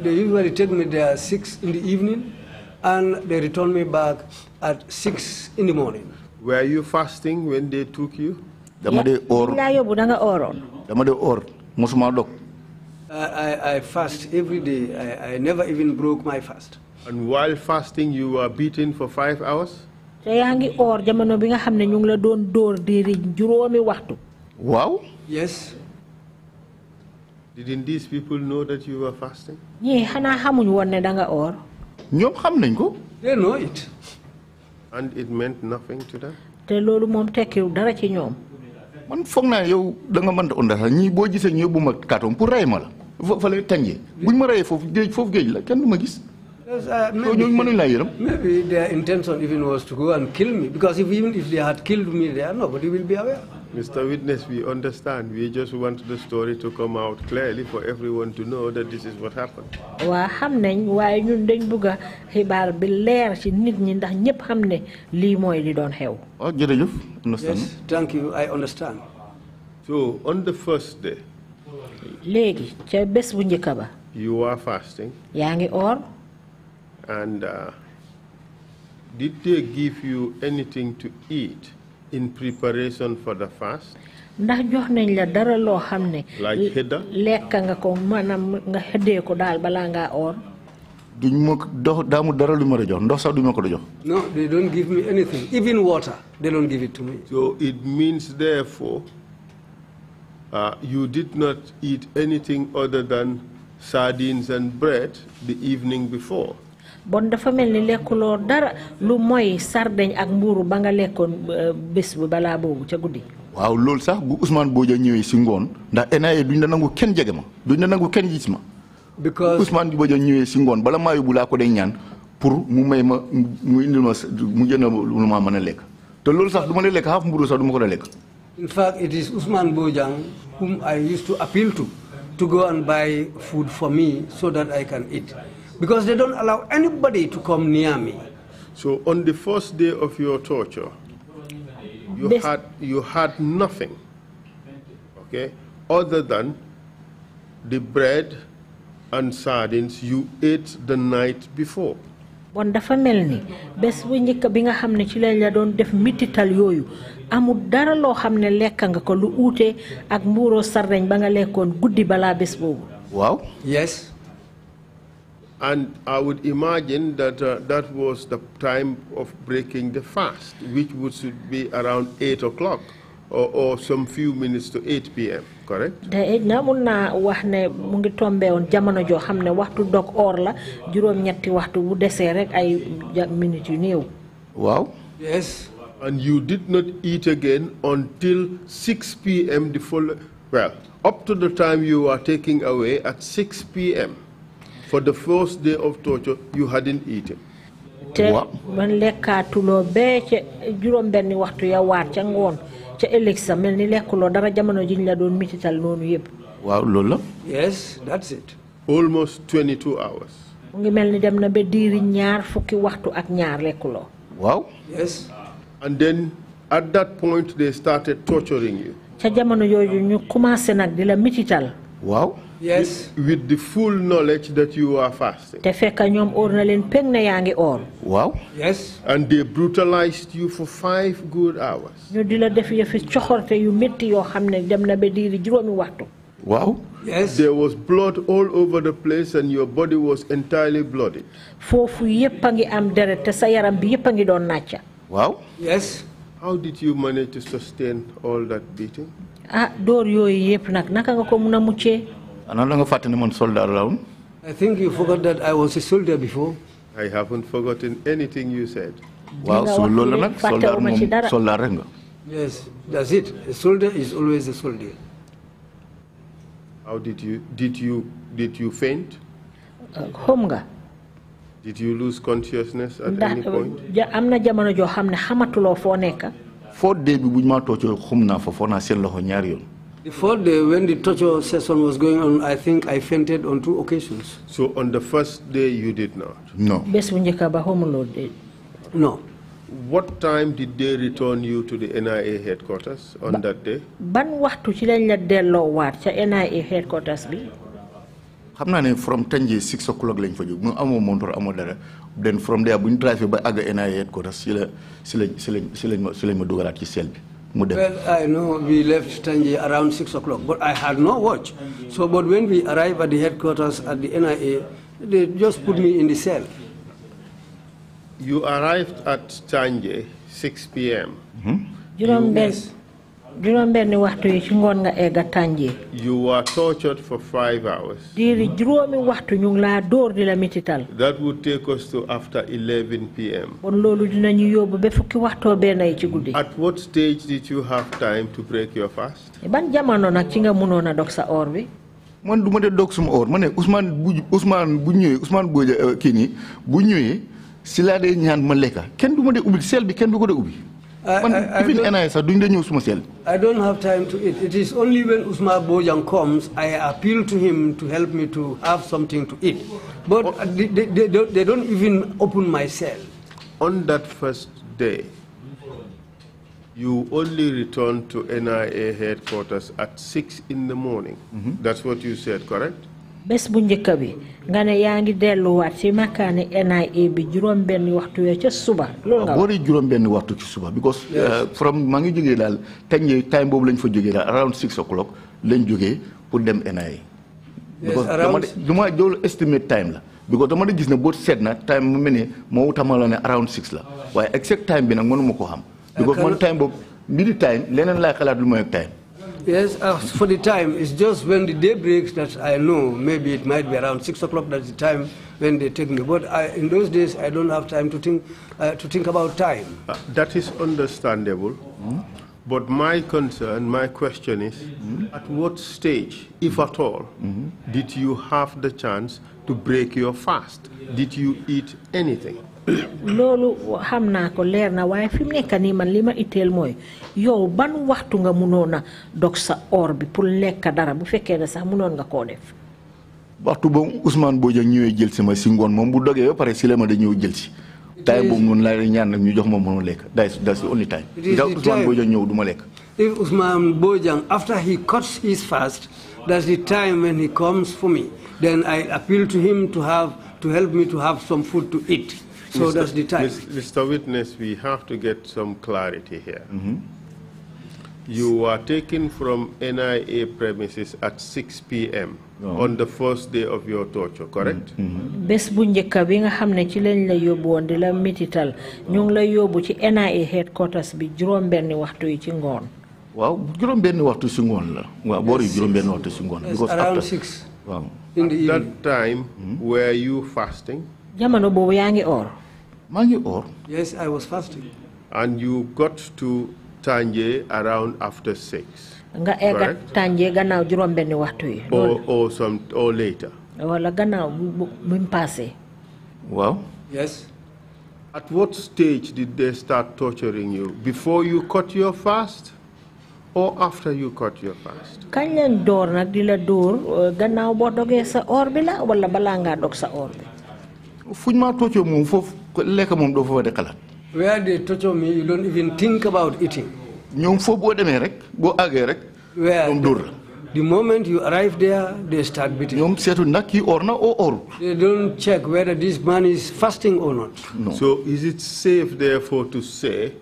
they usually take me there six in the evening and they return me back at six in the morning were you fasting when they took you dama de or la yobu da nga oron dama de or musuma dog I, I fast every day. I, I never even broke my fast. And while fasting, you were beaten for five hours? te yaa or jamono bi nga xam ne ñu ngi la doon yes. Didn't these people know that you were fasting? ñii xanaa xamuñ woon ne danga oor. ñoom xam nañ ko. they know it. and it meant te loolu moom tekkiwul dara ci ñoom. man foog naa yow da nga mënta ondaxal ñii boo gisee ñu yóbbu ma kàttoom pour rey ma la fa fa lay tàngee buñ ma reyee foofu géej foofu géej la kenn du ma gis. uh, maybe, so, maybe their intention even was to go and kill me because if, even if they had killed me there, nobody will be aware. Mr. Witness, we understand. We just want the story to come out clearly for everyone to know that this is what happened. waa oh, understand yes thank you I understand. so on the first day. you are fasting. Yangi or. And uh, did they give you anything to eat in preparation for the fast? ndax jox no they don't give me anything even water they don't give it to me so it means therefore uh, you did not eat anything other than sardines and bread the evening before bon dafa mel ni lekkuloo dara lu mooy sardeñ ak mbuuru ba nga lekkoon euh, bés bu balaa boobu ca guddi. waaw loolu sax bu Ousmane Bodia ñëwee si ngoon ndax NIA duñ la nangu kenn jege ma duñ la nangu kenn gis ma. because Ousmane Bodia ñëwee si ngoon bala maa yóbbu laa ko day ñaan pour mu may ma mu indil ma mu jënd lu ma mën a lekk te loolu sax duma ma la lekk xaaf mbuuru sax du ko la lekk. in fact it is Ousmane Bojang whom I used to appeal to to go and buy food Because they don't allow anybody to come near me. So on the first day of your torture, you Best had you had nothing, okay, other than the bread and sardines you ate the night before. bon dafa mel bés bu njëkk bi nga xam ci lañ la doon def mitital yooyu amul dara loo xam ne lekk nga ko lu uute ak mbuuroo sardeñ ba nga lekkoon guddi balaa bés boobu waaw yes and I would imagine that uh, that was the time of breaking the fast, which would be around 8 o'clock or, or some few minutes to 8 p.m., correct? Day na mun na wax ne mu ngi dog or la juroom ñetti waxtu bu déssé rek ay Wow. Yes. And you did not eat again until 6 p.m. the following well, up to the time you are taking away at 6 p.m. For the first day of torture, you hadn't eaten. te man lekkaatuloo ba ca juróom benni waxtu ya waar ca ngoon ca ëllëg mel ni lekkuloo dara jamono jiñ la doon noonu yëpp waaw loolu la yes that's it almost 22 hours ngi mel ni dem na ba diiri ñaar fukki waxtu ak ñaar lekkuloo waaw yes and then at that point they started torturing you ca jamono yooyu ñu commencé nag di la waaw yes with the full knowledge that you are fasting te na yes and they brutalized you for five good hours ñu di la def yëfi coxorte yu dem na ba yes there was blood all over the place and your body was entirely bloody foofu am te yes how did you manage to sustain all that beating ah door yooyu yépp naka nga ko xanaa da nga fàtte ne man I think you forgot that I was a soldier before. I haven't forgotten anything you said. Well, soldier, soldier, la soldier, Yes, that's it. A soldier is always a soldier. How did you did you did you faint? Uh, Homga. Did you lose consciousness at any point? am na jamono jo xam ne xamatuloo Four days foo dee bi buñ maa toocoo xum naa the fourth day, when the torture session was going on, I think I fainted on two occasions. So on the first day you did not? No. No. What time did they return you to the NIA headquarters on that day? Ban waxtu ci lañ la delo wat NIA headquarters bi? Xamna ne from Tanji 6 o'clock lañ fa jog. Mu amo montor amo dara. Then from there buñ drive ba aga NIA headquarters ci la ci lañ ci lañ ci lañ well, I know we left Tangi around 6 o'clock, but I had no watch. So, but when we arrived at the headquarters at the NIA, they just put me in the cell. You arrived at Tangi 6 p.m. Mm -hmm. You, yes. juróom benni waxtu yi ci ngoon nga egg tànjee. you were tortured for five hours. diiri juróomi waxtu ñu laa dóor di la mitital. that would take us to after 11 pm. bon loolu fukki waxtoo benn yi ci guddi. at what stage did you have time to eh, ban jamono nag ci nga mënoon a dog sa or bi. man du ma de dog suma or ma ne Ousmane bu usmaan bu ñëwee Ousmane Bodian eh, kii nii bu ñëwee si laa dee ñaan ma lekka kenn du ma de ubbi sel bi kenn du ko de ubbi. I, when, I, I even NIS, duñ doing the suma I don't have time to eat. It is only when Usma Bojan comes, I appeal to him to help me to have something to eat. But oh. they, they, they, don't, they don't even open my cell. On that first day, you only returned to NIA headquarters at 6 in the morning. Mm -hmm. That's what you said, correct? bés bu njëkk bi nga ne yaa ngi delluwaat ci makkaani NIA e bi juróom-benn waxtu ya ca suba. loolu nga juróom-benn waxtu ci suba because uh, from maa ngi jógee daal tey time boobu lañ fa jógee daal around six o'clock lañ jógee pour dem NIA. E. because dama de du ma loolu estimate time la. because dama de gis ne boo seet na time mu mel ne moo utama la ne around six la waaye exact time bi nag mënuma ko am because man time boobu midi time leneen laay xalaat lu mooy time. Yes, uh, for the time, it's just when the day breaks that I know. Maybe it might be around 6 o'clock, that's the time when they take me. But I, in those days, I don't have time to think, uh, to think about time. Uh, that is understandable. Mm. But my concern, my question is, mm. at what stage, if at all, mm. did you have the chance to break your fast? Did you eat anything? loolu xam naa ko leer na waaye fi mu nekk nii man li ma itteel mooy yow ban waxtu nga munoon a dog sa or bi pour lekk dara bu fekkee ne sax munoon nga koo def. waxtu ba Ousmane Bojang ñëwee jël si ma si ngoon moom bu dogee ba pare si la ma da ñëw jël si. time boobu noonu laa ñaan nag ñu jox ma mënul lekk that's that's the only time. da Ousmane Bojang ñëw du ma lekk. if Ousmane Bojang after he cuts his fast that's the time when he comes for me then I appeal to him to have some food to eat. So Mr. does the time. Mr. Witness, we have to get some clarity here. Mm -hmm. You were taken from NIA premises at 6 p.m. Oh. on the first day of your torture, correct? Mm-hmm. Mm-hmm. Bes bu ñëk bi nga xamne ci lañ la yobbu di la mitital ñu ngi la yobbu ci NIA headquarters bi juroom benn waxtu yi ci ngoon. Waaw juroom benn waxtu ci ngoon la. Waaw boori juroom benn waxtu ci ngoon because around after 6. Wow. At that time mm -hmm. were you fasting? Jamono boobu yaa ngi or maa or yes I was fasting. and you got to Tanje around after six. nga egga Tanje gannaaw juróom-benni waxtu yi. or or some or later. wala gannaaw bu bu mu yes. At what stage did they start torturing you? Before you cut your fast or after you cut your fast? Kañ leen door nag di la door uh, gannaaw sa orbila bi la wala balaa ngaa sa or bi. torture moom lekka where they torture me you don't even think about eating ñoom foo boo demee rek boo àggee rek moom The moment you arrive there, they start beating. You or na they don't check whether this man is fasting or not. no so is it safe therefore to say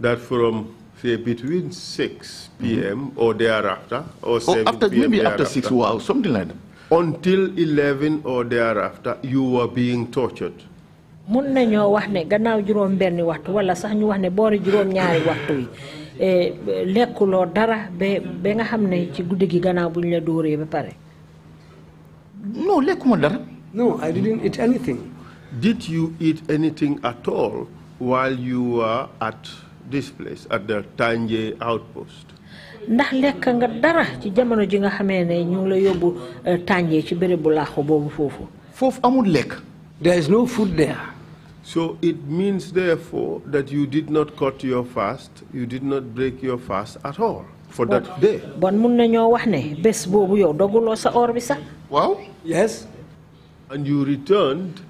that from say between six p.m. Mm-hmm. or thereafter. or oh, seven p.m. thereafter maybe after six o'clock, something like that. until eleven or thereafter you were being tortured mun nañoo wax ne gannaaw juróom-benni waxtu wala sax ñu wax ne boori juróom-ñaari waxtu yi lekkuloo dara ba ba nga xam ne ci guddi gi gannaaw bu la dóoree ba pare. no lekkuma dara. no I didn't eat anything. did you eat anything at all while you were at this place at the Tanje outpost. ndax lekk nga dara ci jamono ji nga xamee ne ñu ngi la yóbbu Tanje ci bérébu laaxu boobu foofu. foofu amul lekk. there is no food there. So it means, therefore, that you did not cut your fast, you did not break your fast at all for that day. Well, Yes. And you returned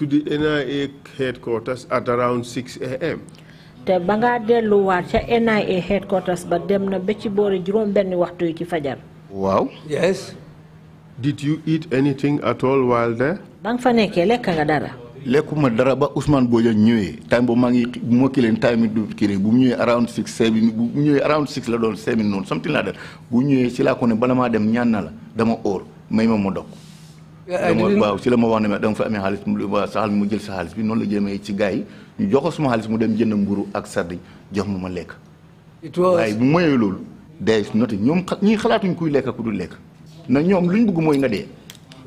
to the NIA headquarters at around 6 a.m. The ba ngaa delluwaat ca NIA headquarters but dem na ba ci boori juróom benn waxtu yi fajar. Waaw. Yes. Did you eat anything at all while there? Ba nga fa lekkuma dara ba boo Bodian ñëwee time boobu maa ngi mokki leen time bi bu mu ñëwee around six cinq minutes bu ñëwee around six la doon cinq minutes noonu something laa def bu ñëwee si laa ko ne bala maa dem ñaan na la dama óor may ma ma dog waaw si la ma wax ne ma danga fa amee xaalis waaw sa xaalis mu jël sa xaalis bi noonu la jëmee ci gars yi ñu jox ko suma xaalis mu dem jënd mburu ak sardi jox ma ma lekk waaye bu moyee loolu day noti ñoom ñii xalaatuñ kuy lekk ku du lekk na ñoom luñ bëgg mooy nga dee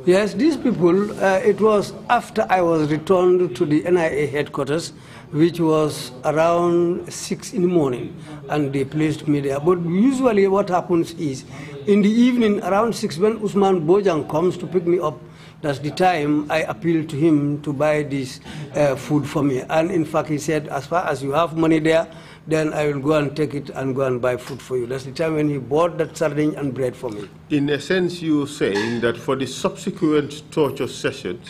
Yes, these people, uh, it was after I was returned to the NIA headquarters, which was around 6 in the morning, and they placed me there. But usually what happens is, in the evening, around 6, when Usman Bojan comes to pick me up, that's the time I appealed to him to buy this uh, food for me. And in fact, he said, as far as you have money there, then I will go and take it and go and buy food for you. That's the time when he bought that sardine and bread for me. In a sense, you're saying that for the subsequent torture sessions,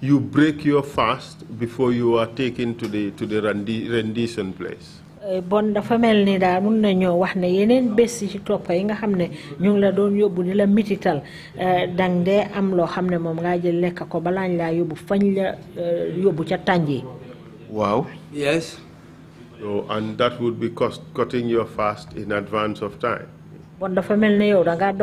you break your fast before you are taken to the, to the rendition place. Eh, bon dafa mel ni daal mun nañoo wax ne yeneen bés yi ci toppa yi nga xam ne ñu ngi la doon yóbbu di la mitital eh, dang dee am loo xam ne moom ngaa jël lekk ko balaañ laa yóbbu fañ la eh, yóbbu ca tànj yi waaw yes so, and that would be cost, cutting your fast in advance of time. No, Usman mel ne yow da ngaa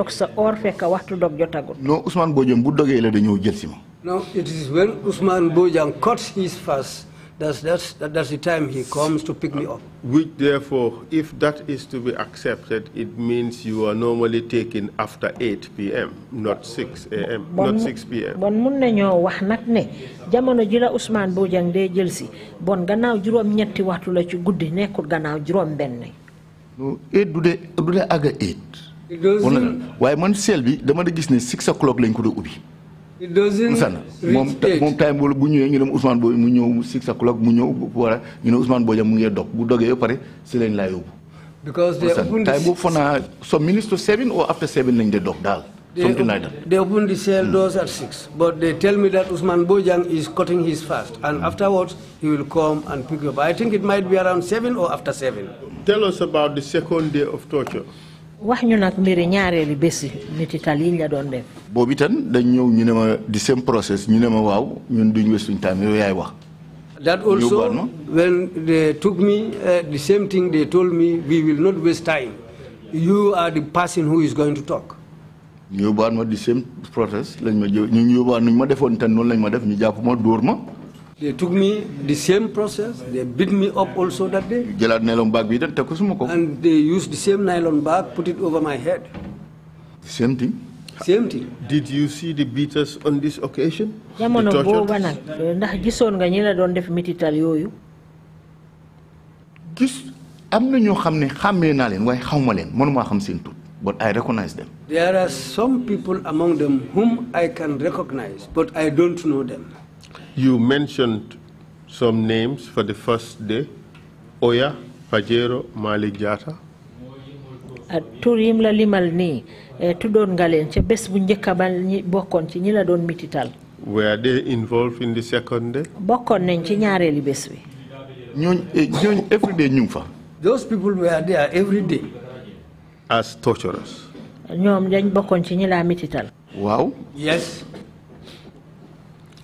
or no it is when Usman Bojang cuts his fast. That's, that's, that's the time he comes to pick me up. Uh, which, therefore, if that is to be accepted, it means you are normally taken after 8 p.m., not 6 a.m., not 6 p.m. Bon mun nañoo wax nag ne jamono ji la Ousmane Bojang dee jël si bon gannaaw juróom ñetti waxtu la ci guddi nekkul gannaaw juróom benn. no eight du dee du dee àgg eight. waaye man seel bi dama da gis ne six o'clock lañ ko doon ubbi. it doesn't time bu ñu dem Ousmane Boy mu ñëw six mu ñëw bu ñu ne Ousmane mu ngi bu pare lañ because they open time boobu foog seven or after seven lañ de dog dal something like that. They open the cell hmm. doors at 6, but they tell me that Usman Bojang is cutting his fast, and mm. afterwards he will come and pick you up. I think it might be around 7 or after 7. Tell us about the second day of torture. wax ñu nag mbiri ñaareeli bés yi metital yi ñu la doon def. boobu itam dañ ñëw ñu ne ma di same process ñu ne ma waaw ñun duñ wesuñ time yow yaay wax. that also when they took me uh, the same thing they told me we will not waste time you are the person who is going to talk. ñu yóbbuwaat ma di same process lañ ma jë ñu yóbbuwaat nuñ ma defoon itam noonu lañ ma def ñu jàpp ma dóor ma. They took me the same process. They beat me up also that day. nylon bag and they used the same nylon bag put it over my head. same thing. same thing. Did you see the beaters on this occasion? I am not ndax gisoon nga ñi la doon def mitital yooyu. gis am na ñoo xam ne xàmmee naa leen waaye xaw ma leen mënuma xam seen tur but I recognize them. There are some people among them whom I can recognize, but I don't know them. You mentioned some names for the first day. Oya, Pajero, Malik Jata. tur yim la limal nii tuddoon nga leen ca bés la mitital. were they involved in the second day. bokkoon nañ ci ñaareeli eh, every day ñu those people were there every day. as torturers. Wow. mitital. yes.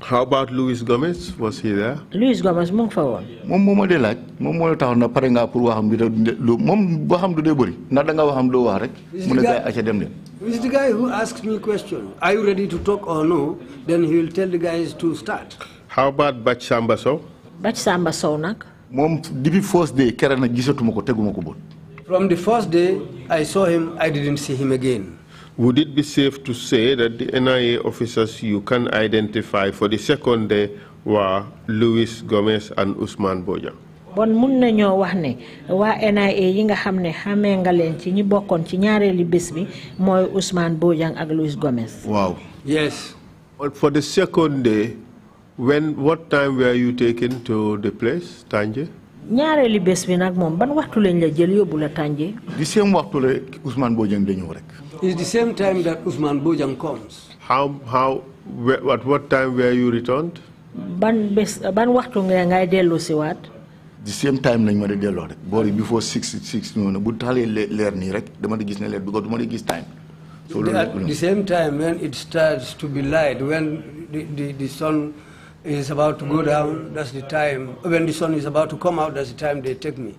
How about Luis Gomez? Was he there? Luis Gomez mu ngi fa woon. moom moo ma dee laaj moom moo taxaw na pare ngaa pour waxam bi da lu moom waxam du dee bëri ndax da nga waxam gars yi acca dem leen. the guy who asks me a question. Are you ready to talk or no? Then he will tell the guys to start. How about Bach Samba Sow? Bach Samba Sow nag. moom first day kere From the first day I saw him I didn't see him again. Would it be safe to say that the NIA officers you can identify for the second day were Luis Gomez and Usman Bojan? bon mun nañoo wax ne waa NIA yi nga xam ne nga leen ci ñi bokkoon ci ñaareelu bés bi mooy Ousmane Bojang ak Louis Gomez. Wow. yes. but for the second day when what time were you taken to the place Tanje. ñaareeli bés bi nag moom ban waxtu lañ la jël yóbbu la Tànje. the same waxtu la Ousmane Bojang di ñëw rek. it's the same time that Ousmane Bojang comes. how how at what time were you returned. ban bés ban waxtu nga ngay dellu si waat. the same time lañ ma di delloo rek boori before six six noonu bu taxalee leer nii rek dama di gis ne leer bi du ma di gis time. so loolu at the same time when it starts to be light when the sun. is about to go down, that's the time, when the sun is about to come out, that's the time they take me.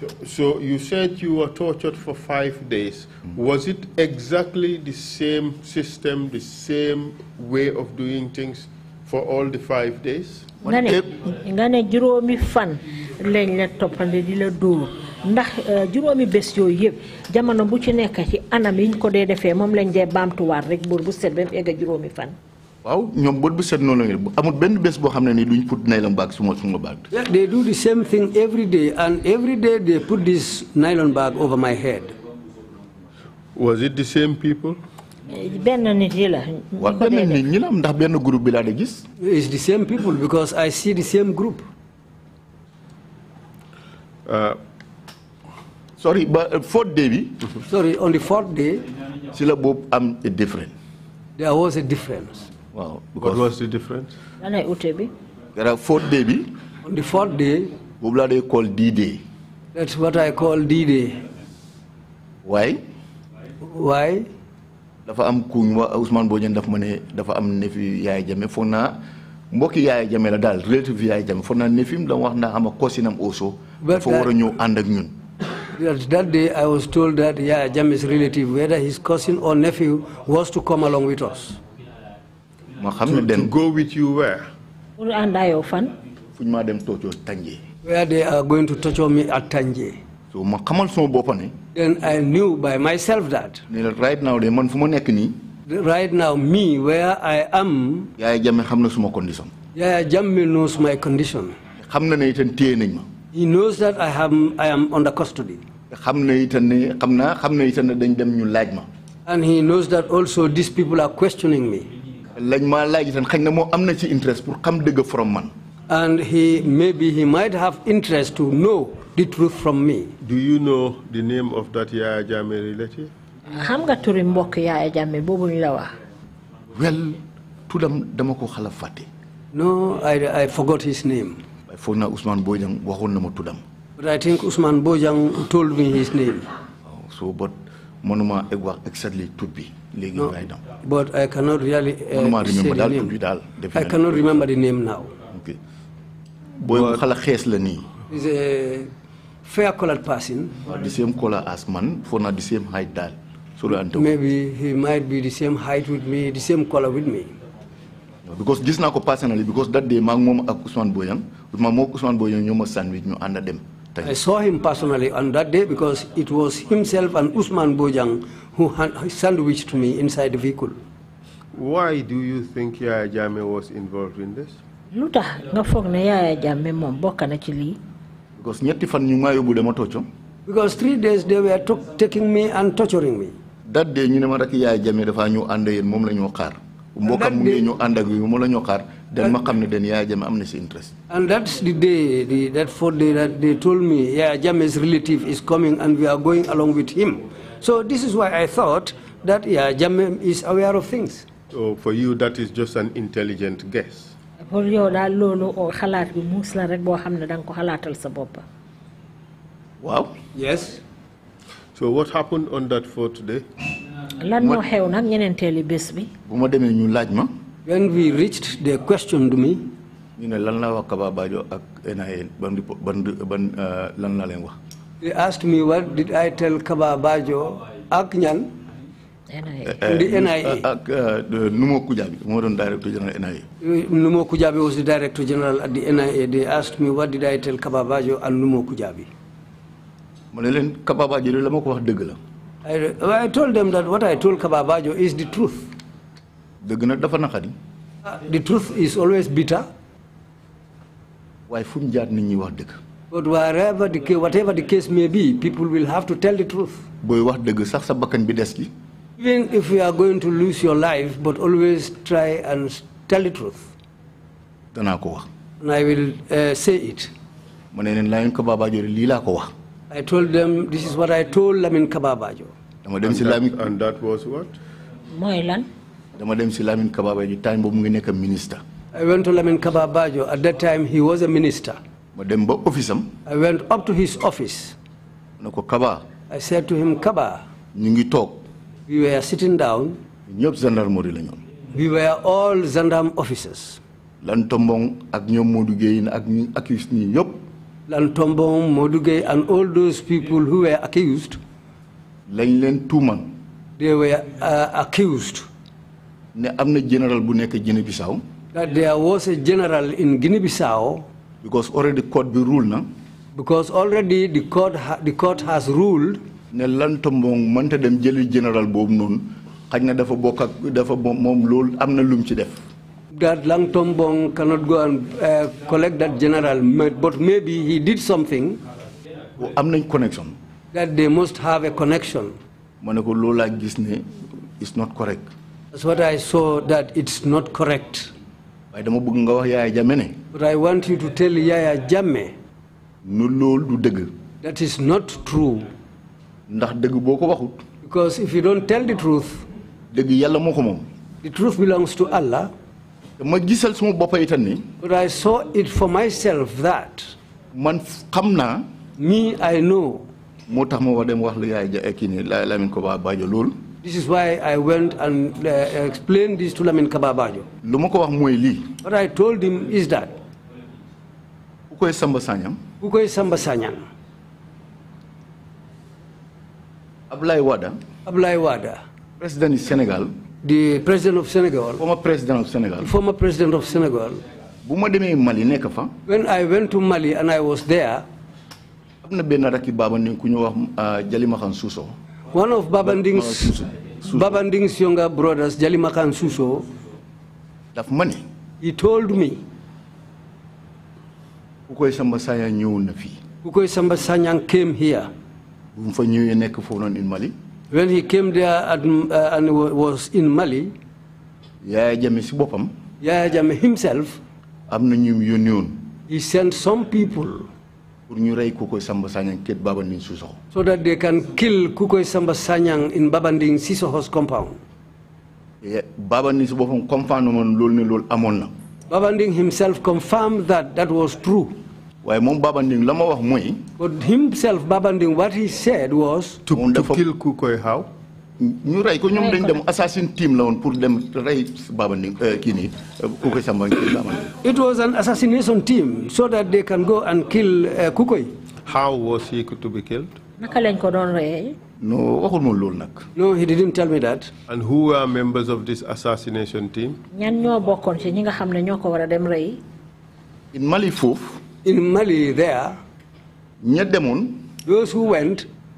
So, so you said you were tortured for five days. Was it exactly the same system, the same way of doing things for all the five days? nga ne nga ne fan lañ la toppande di la do. ndax eh, juróomi bés yooyu yëpp jamono bu ci nekk ci anam yiñ ko dee defee moom lañ dee baamtuwaat rek buur bu set ba mu egg fan waaw ñoom bët bu set noonu la amul benn bés boo xam ne ni duñ put nylon bag suma suma bag. they do the same thing every day and every day they put this nylon bag over my head. was it the same people. Eh, benn nit yi la. waaw benn nit ñi la ndax benn groupe bi laa da gis. it's the same people because I see the same group. Uh, sorry ba fourth day bi. sorry on the fourth day. si la boobu am a difference. there was a difference. Wow. What was the difference? There are four day. On the fourth day, what they call D-Day. That's what I call D-Day. Why? Why? dafa am kuñ wa Ousmane Bodian daf ma dafa am nefi yaay jame foog naa yaay jame la daal relative yaay jame foog naa nefim dama wax naa also dafa war ñëw ànd ak ñun That, day I was told that Yaya is relative, whether his cousin or nephew, was to come along with us ma xam ne dem to go with you where. pour ànd ak yow fan. fu ñu maa dem toocoo Tanje. where they are going to toocoo me at Tanje. so ma xamal sama bopp ne. then I knew by myself that. ne right now de man fu ma nekk nii. right now me where I am. yaaya jàmme xam na suma condition. yaaya jàmme knows my condition. xam na ne itam téye nañ ma. he knows that I am I am under custody. xam na itam ne xam naa xam na itam ne dañ dem ñu laaj ma. and he knows that also these people are questioning me and he maybe he might have interest to know the truth from me. Do you know the name of that Yaya Jammeh relative? xam nga turi mbokk Yaya Jammeh boobu ñu la wax. well turam dama ko xala fàtte. no I I forgot his name. foog naa Usman Bojang waxoon na ma turam. but I think Usman Bojang told me his name. Oh, so but mënuma egg exactly to be? no, But I cannot really uh, I cannot remember the name. I cannot remember the name now. Okay. Boy a fair colored person. The same color as man, for not the same height daal. So Maybe he might be the same height with me, the same color with me. Because this nako personally, because that day my mom Akusman Boyang, with my mom Ousmane Boyang ñoma sandwich me under them. I saw him personally on that day because it was himself and Usman Bojang who sandwiched me inside the vehicle. Why do you think Yaya Jame was involved in this? Luta, nga foog ne Yaya Jammeh moom bokk na ci because ñetti fan ñu maa yóbbu dama because three days they were taking me and torturing me. that day ñu ne ma rek Yaya Jammeh dafaa ñu ànd yéen moom la ñoo xaar. mbokam mu ngi ñu ànd ak moom la xaar. den ma xam den Yaya Jammeh am na interest. and that's the day the that fourth day that they told me Yaya Jammeh's relative is coming and we are going along with him. So this is why I thought that yeah, Jamem is aware of things. So for you, that is just an intelligent guess. For you, that loolu oo halat bi muus la rek boo xam ne danga ko yes. so what happened on that for today? lan moo xew nag ñeneenteeli bés bi. bu ma demee ma. when we reached they questioned me. ñu ne lan la wax Kaba Bajo ak NIA ban ban ban euh, lan la They asked me what did I tell Kaba Bajo ak ñan. NIA di NIA. ak Numo moo doon director general NIA. Numo Kujabi was the director general at the NIA they asked me what did I tell Kaba Bajo and Numo ma ne leen Kaba Bajo la ma ko wax dëgg la. I I told them that what I told Kaba Bajo is the truth. dëgg nag dafa naqari. the truth is always bitter. waaye fu ñu jaar nit ñi wax dëgg. But wherever the case, whatever the case may be, people will have to tell the truth. booy wax dëgg sax even if you are going to lose your life but always try and tell the truth. and I will uh, say it. I told them this is what I told Lamin Kababa Bajo. and that was what. time I went to Lamin Kababa at that time he was a minister dem ba office am. I went up to his office. Kaba. I said to him Kaba. ñu ngi we were sitting down. ñëpp gendarmerie la we were all gendarme officers. lan tombong ak ñoom Modou Gueye ak ñi accused ñi yëpp. lan tombong Modou and all those people who were accused. lañ they were uh, accused. ne am général bu nekk Guinée-Bissau. that there was a general in Guinea-Bissau. Because already court be ruled now. Because already the court the court has ruled. Ne lantombong mante dem jeli general bom non kanya dafa boka ak dafa mom lol amna lum ci def. That Langtombong cannot go and uh, collect that general, but maybe he did something. am connection. that they must have a connection. ma ne ko loolu ne it's not correct. that's what I saw that it's not correct but I want you to tell Yaya Jame. nu that is not true. because if you don't tell the truth. the truth belongs to Allah. but I saw it for myself that. man xam me I know. This is why I went and uh, explained this to Lamin Kababajo. What I told him is that Uko is Samba Sanyang? Uko is Samba Sanyang? Ablai Wada. Ablay Wada. President of Senegal. The president of Senegal. Former president of Senegal. The former president of Senegal. When I went to Mali and I was there, Abna Benaraki Baba Ninkunyo uh, Jalima Hansuso. One of Babanding's, Babanding's younger brothers, Jalimakan Suso, daf money, he told me. Kukoy Samba Sanyang ñëw na fii. Samba Sanyang came here. Mali. When he came there uh, and was in Mali. yeah, Jammeh si himself. he sent some people. So that they can kill Kukoy Samba Sanyang in Babanding Sisoho's compound. Yeah, Babanding himself confirmed that that was true. But himself, Babanding, what he said was to, to kill Kukoy how? ñu rey ko ñoom dañ dem assassin team la woon pour dem rey Baba Ndingo euh, kii nii euh, Kukoy Samba kill Baba it was an assassination team so that they can go and kill uh, Kukoy. how was he to be killed. naka lañ ko doon reyee. no waxul moom loolu nag. no he didn't tell me that. and who were members of this assassination team. ñan ñoo bokkoon ci ñi nga xam ne ñoo dem rey. in Mali foofu. in Mali there. ña demoon. those who went.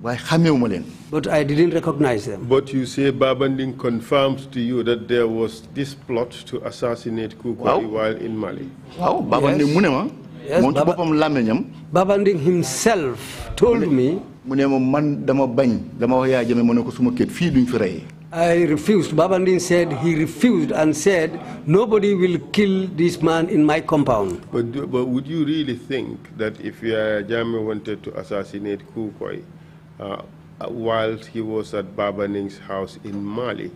But I didn't recognize them. But you say Babanding confirms to you that there was this plot to assassinate Kukwai wow. while in Mali. Wow, Babanding yes. Yes, Baba, Babanding himself told me I refused. Babanding said he refused and said, nobody will kill this man in my compound. But, but would you really think that if Yaya Jame wanted to assassinate Kukwai, uh, uh, while he was at Babaning's house in Mali.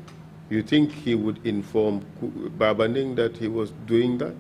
You think he would inform Babaning that he was doing that?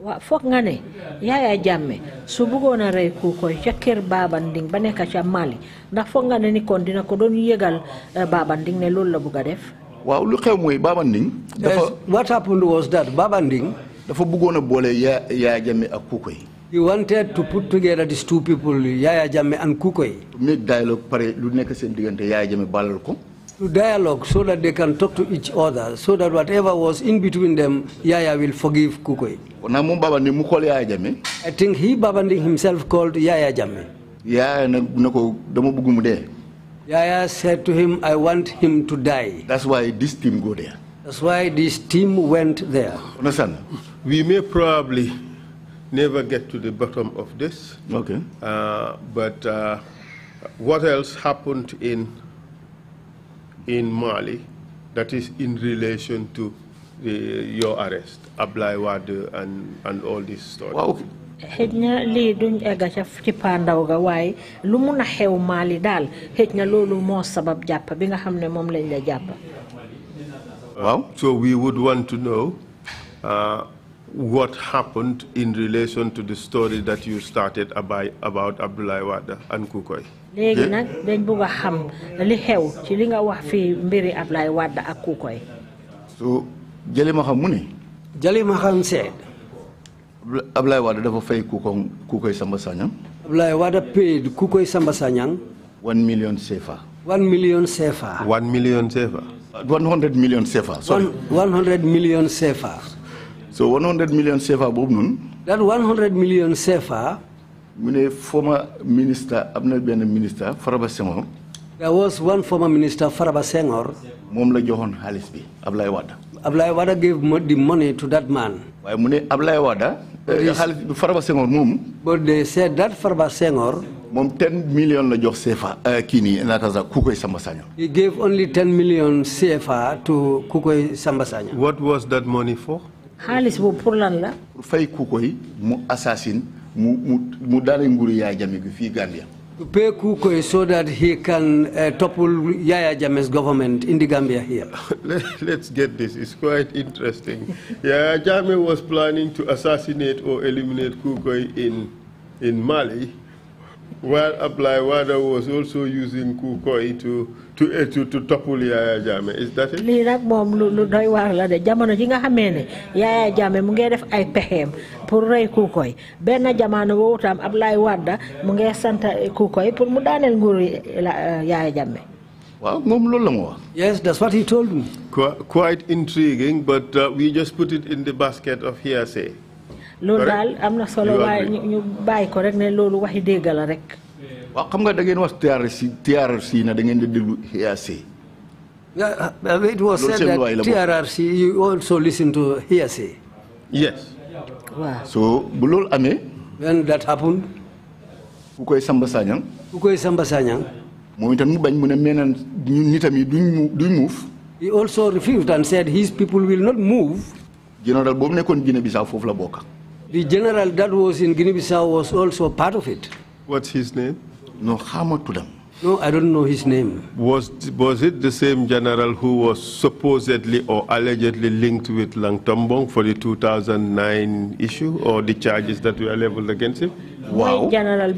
What foog nga ne Yaya jamme. su bëggoon a rey Kukoy ca kër Babanding ba nekk ca Mali ndax foog nga ne ni kon dina ko doon yëgal Babanding ne loolu la bëgg a def. waaw lu xew mooy Babanding. dafa what happened was that Babanding. dafa bëggoon a boole ya jamme ak Kukoy. He wanted to put together these two people, Yaya Jame and Kukoi. To make dialogue, pare, lu nek sen digante Yaya Jame balal ko. To dialogue so that they can talk to each other, so that whatever was in between them, Yaya will forgive Kukoi. Na mum baba ni mukol Yaya Jame. I think he Babandi himself called Yaya Jame. Yaya nako damo bugu mu Yaya said to him, I want him to die. That's why this team go there. That's why this team went there. Understand? We may probably never get to the bottom of this. Okay. Uh, but uh, what else happened in in Mali that is in relation to the, uh, your arrest, Ablai Wade and, and all this story? Wow. xëj na lii duñ egga ca ci pandaw ga waaye lu mun Mali dal xëj na mo sabab japa binga hamne xam ne japa. Wow. so we would want to know. Uh, what happened in relation to the story that you started about, about Abdoulaye and Kukoy. léegi nag dañ bëgg a xam li xew ci li nga wax fii mbiri Abdoulaye Wade ak so jëli ma xam mu ne. jëli ma xam seet. Abdoulaye Wade dafa fay Kukoy Samba Sagnang. Abdoulaye Wade paid Kukoy Samba Sagnang. one million CFA. one million CFA. one million CFA. one hundred million CFA. one hundred million CFA so 100 million CFA bob nun. that 100 million CFA. mu former minister am na benn minister Faraba Senghor. there was one former minister Faraba Senghor. Mom la joxoon xaalis bi Ablaye Wade. Ablaye gave the money to that man. Why mu ne Wada? Wade. Eh, bi Faraba Senghor mum. but they said that Faraba Senghor. Mom 10 million la jox CFA eh, kii nii naata sax ku he gave only 10 million CFA to ku koy what was that money for xaalis boobu pour lan la. pour fay ku koy mu assassin mu mu mu daaneel nguuru Yaya Jammeh bi fii Gambia. to pay Kukoy so that he can uh, eh, topple Yaya Jammeh's government in the Gambia here? Let, us get this. It's quite interesting. Yaya Jammeh was planning to assassinate or eliminate Kukoy in, in Mali, while Ablai Wada was also using Kukoy to Eh, lii nag moom lu doy waar la de jamono ji nga xamee ne Yaya Jammeh mu ngi def ay pexeem pour rey Kukoy benn jamono woowu tam Ablaye Wade mu ngi sant Kukoy pour mu daaneel nguuru eh, Yaya Jammeh. waaw moom loolu la mu wax. yes that's what he told me. quite uh, daal am na solo waaye ñu bàyyi ko rek ne loolu waxi dégg la rek. waaw xam nga da ngeen wax TRC TRC na da ngeen di déglu hearsay. Yeah, uh, it was said that TRRC you also listen to hearsay. Yes. Wow. So bu loolu amee. When that happened. ku koy Samba Sagnang. ku koy Samba Sagnang. moom itam mu bañ mu ne meenaan ñun nitam yi duñ duñ move. he also refused and said his people will not move. général boobu nekkoon Guinée Bissau foofu la bokk. the general that was in Guinea Bissau was also part of it. what's his name no them. No, I don't know his name. Was, was it the same general who was supposedly or allegedly linked with Langtombong for the 2009 issue or the charges that were leveled against him? Wow. General,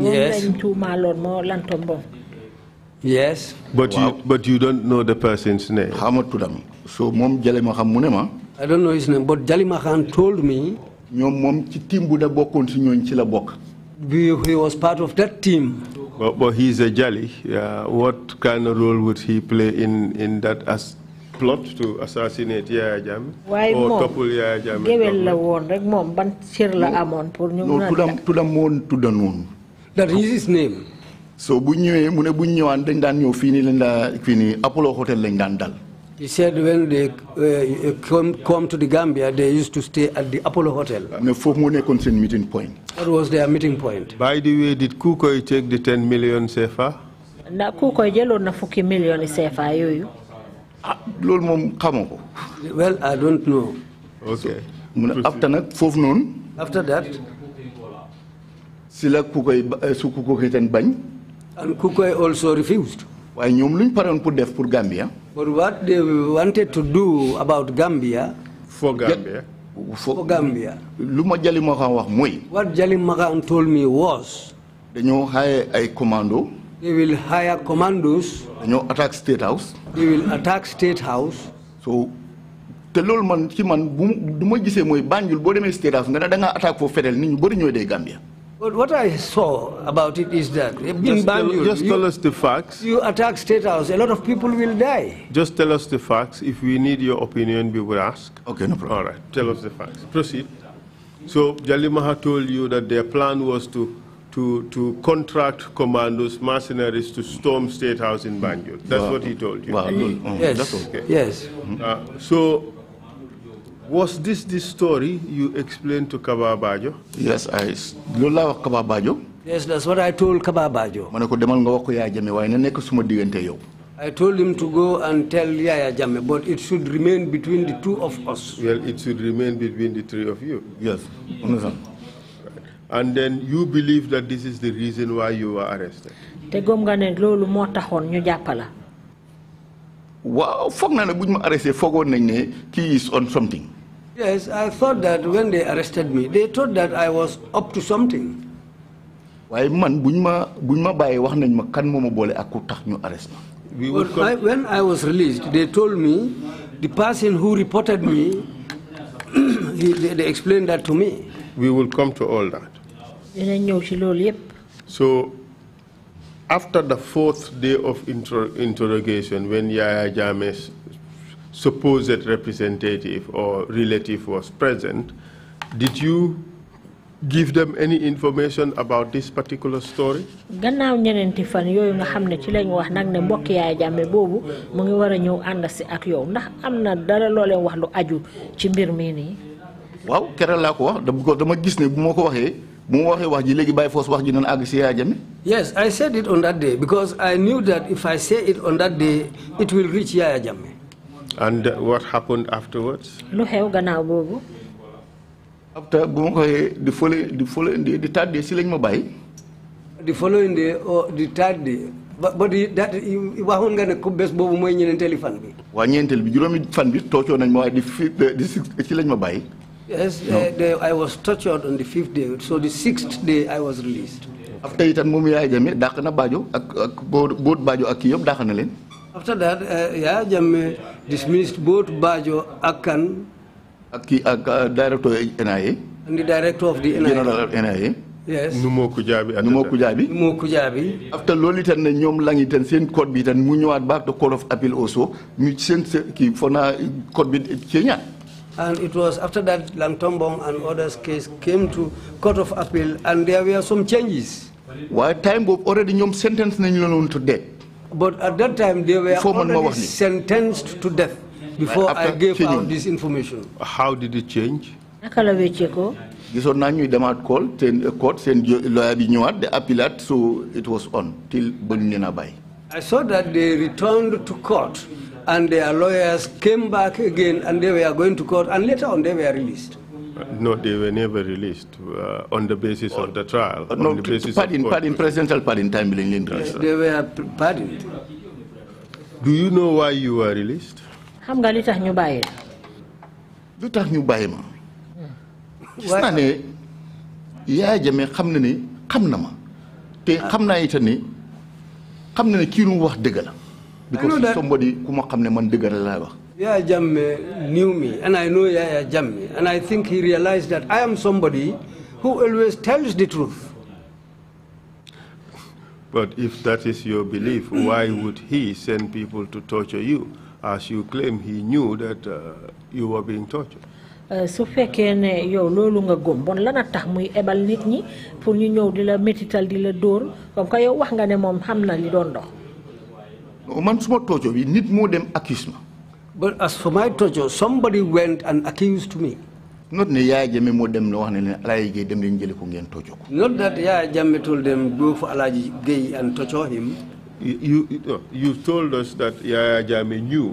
yes. Yes. But wow. you but you don't know the person's name. Hamatulam. So mom Jalima Munema. I don't know his name, but Jalima Khan told me. We, he was part of that team. But, but he's a jelly. Uh, what kind of role would he play in, in that as plot to assassinate Yaya Jammeh waaye moom géwél la woon rek moom ban cër la amoon pour ñu mën a tuddam tuddam woon tudda noonu that is his name so bu ñëwee mu ne bu ñëwaan dañ daan ñëw fii nii lañ daa fii Apollo Hotel lañ daan dal he said when they uh, come, come to the Gambia, they used to stay at the Apollo Hotel. meeting point. What was their meeting point? By the way, did Kukoi take the 10 million sefa? Na Kukoi jelo na fuki million sefa yoyu. Ah, Lol mom kamo. Well, I don't know. Okay. So, after that, fofu non. After that, sila Kukoi eh, su Kukoi ten bany. And Kukoi also refused. waaye ñoom lu ñu pare pour def pour Gambia. but what they to do about Gambia. for lu ma Jali Makan wax mooy. what Jali Makan told me was. dañoo hire ay commando. they will hire commandos. dañoo attack state house. they will attack state house. man ci man du ma gisee mooy Banjul boo demee state house nga ne da ngaa attaque foofu federal ñu bëri ñooy dee Gambia. But what I saw about it is that just, Banjul, tell, you, us the facts. You attack state house, a lot of people will die. Just tell us the facts. If we need your opinion, we will ask. Okay, no problem. All right, tell us the facts. Proceed. So Jalimaha told you that their plan was to to, to contract commandos, mercenaries to storm State House in Banjul. That's what he told you. Well, Mm Yes. That's okay. Yes. Uh, so was this the story you explained to Kababajo? Yes, I. Lola Kababajo? Yes, that's what I told Kababajo. Manako demal nga wako Yaya Jame wae nek suma digante I told him to go and tell Yaya Jame, but it should remain between the two of us. Well, it should remain between the three of you. Yes, understand. And then you believe that this is the reason why you were arrested? Te gom ne lolu mo taxone ñu jappala. Waaw, fogg na ne buñ ma arrêté fogon ne he is on something. Yes, I thought that when they arrested me, they thought that I was up to something. Why man when I was released, they told me the person who reported me, he, they, they, explained that to me. We will come to all that. So, after the fourth day of inter interrogation, when Yaya James supposed representative or relative was present, did you give them any information about this particular story? gannaaw ñeneenti fan yooyu nga xam ne ci lañ wax nag ne mbokk yaay jàmme boobu mu ngi war a ñëw ànd si ak yow ndax am na dara loo leen wax lu aju ci mbir mii nii. waaw keroog laa ko wax dama gis ne bu ma ko waxee bu ma waxee wax ji léegi bàyyi foos wax ji noonu àgg si yaay jàmme. yes I said it on that day because I knew that if I say it on that day it will reach yaay jàmme. And what happened afterwards? after the following the day the third day the following day or oh, the third day. but ba di that waxoon nga ne ko bés boobu mooy ñeenteeli fan bi. waa ñeenteel bi juróomi fan bi toocoo nañ ma waaye di fi di si si lañ yes eh, I was tortured on the fifth day so the sixth day I was released. after it, and Mumia jamee dàq na Bajo a ak boot Bajo ak kii yëpp dàq after that, uh, Yaya dismissed both Bajo Akan Aki, uh, eh, director of NIA. And the director of the NIA. General of NIA. Yes. Numo Kujabi. Numo Kujabi. Numo Kujabi. After Lolita and nyom Langit and sen court and itan mu back to court of appeal also ñu ki fona court Kenya. And it was after that Langtombong and others case came to court of appeal and there were some changes. Why time bob already nyom sentence nañu to death. But at that time, they were already sentenced to death before I gave out this information. How did it change? This gisoon naa ñuy demaat kool seen court seen lawyer bi ñëwaat de appelat so it was on till ba ñu I saw that they returned to court and their lawyers came back again and they were going to court and later on they were released. No, they were never released uh, on the basis or, of the trial. No, on the basis pardon, of pardon, presidential pardon time in yes, They were pardoned. Do you know why you were released? xam nga li tax ñu bàyyi la. lu tax ñu ma. gis naa ne Yaya Jammeh xam na ne xam na ma te xam naa itam ne xam ne kii lu wax because somebody ku ma xam ne man dëgg la Yaya Jamme knew me, and I know Yaya Jamme, and I think he realized that I am somebody who always tells the truth. But if that is your belief, why would he send people to torture you? As you claim, he knew that uh, you were being tortured. Uh, su fekkee ne yow loolu nga gëm bon lan a tax muy ebal nit ñi pour ñu ñëw di la métital di la dóor comme que yow wax nga ne moom xam na li doon dox. man suma tooco bi nit moo dem accuse ma But as for my torture, somebody went and accused me. Not ne Yaya Jammeh moo dem ne wax ne leen Alaaji Gaye dem leen jëli ko ngeen torture ko. Not that Yaya Jammeh told them go for Alaaji Gaye and torture him. You, you, you told us that Yaya Jammeh knew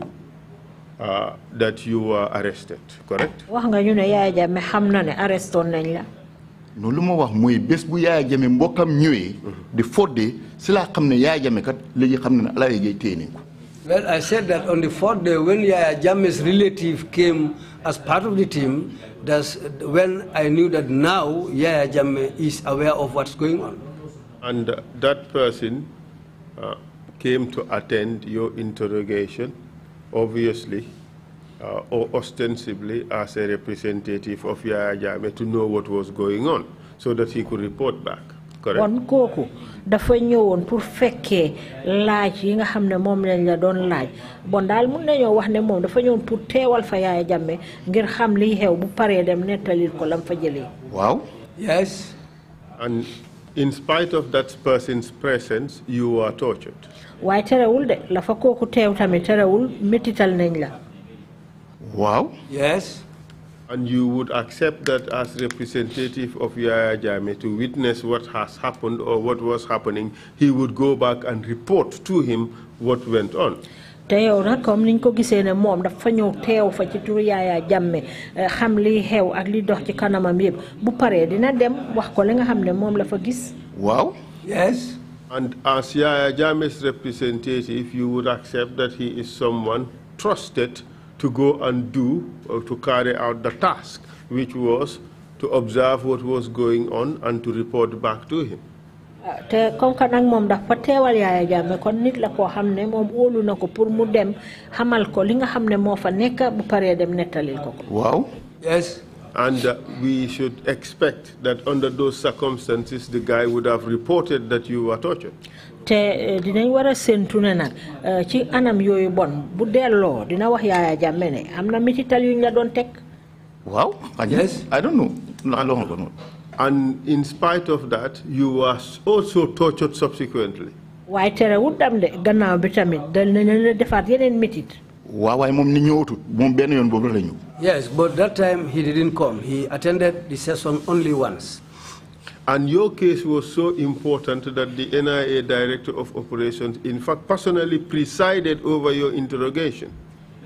uh, that you were arrested, correct? wax nga ñu ne Yaya Jammeh xam na ne arrestoon nañ la. noonu lu ma wax mooy bés bu Yaya Jammeh mbokkam ñëwee. di fodde si laa xam ne Yaya Jammeh kat léegi xam Alaaji Gaye téye ko. Well, I said that on the fourth day, when Yaya Jame's relative came as part of the team, that's when I knew that now Yaya Jame is aware of what's going on. And uh, that person uh, came to attend your interrogation, obviously, uh, or ostensibly as a representative of Yaya Jame to know what was going on so that he could report back. kon kooku dafa ñëwoon pour fekkee laaj yi nga xam ne moom lañ la doon laaj bon daal mun nañoo wax ne moom dafa ñëwoon pour teewal fa yaaya jàmme ngir xam liy xew bu paree dem nettalil ko lam fa jëlee. waaw. yes. and in waaye terewul de lafa kooku teew tamit terewul métital nañ la. And you would accept that as representative of Yaya Jame to witness what has happened or what was happening, he would go back and report to him what went on. teew nag comme niñ ko gisee ne moom dafa ñëw teew fa ci turu Yaya Jammeh eh, xam li xew ak li dox ci kanamam yëpp bu paree dina dem wax ko li nga xam ne la fa gis. waaw. yes. and as Yaya Jammeh's representative you would accept that he is someone trusted to go and do or to carry out the task, which was to observe what was going on and to report back to him. Ah, te dafa teewal yaaya kon nit la pour mu dem xamal ko li nga fa bu dem ko ko. yes and uh, we should expect that under those circumstances the guy would have reported that you were tortured. te eh, dinañ war a séntu ne nag eh, ci anam yooyu bon bu delloo dina wax Yaya Jammeh ne am na mitital yu ñu la doon teg. waaw. yes I don't know. and in spite of that you were also tortured gannaaw bi tamit danañ la defaat yeneen mitit. waaw waaye moom ni ñëwatul moom benn yoon boobu la ñëw. yes but that time he didn't come he attended the session only once. And your case was so important that the NIA Director of Operations, in fact, personally presided over your interrogation.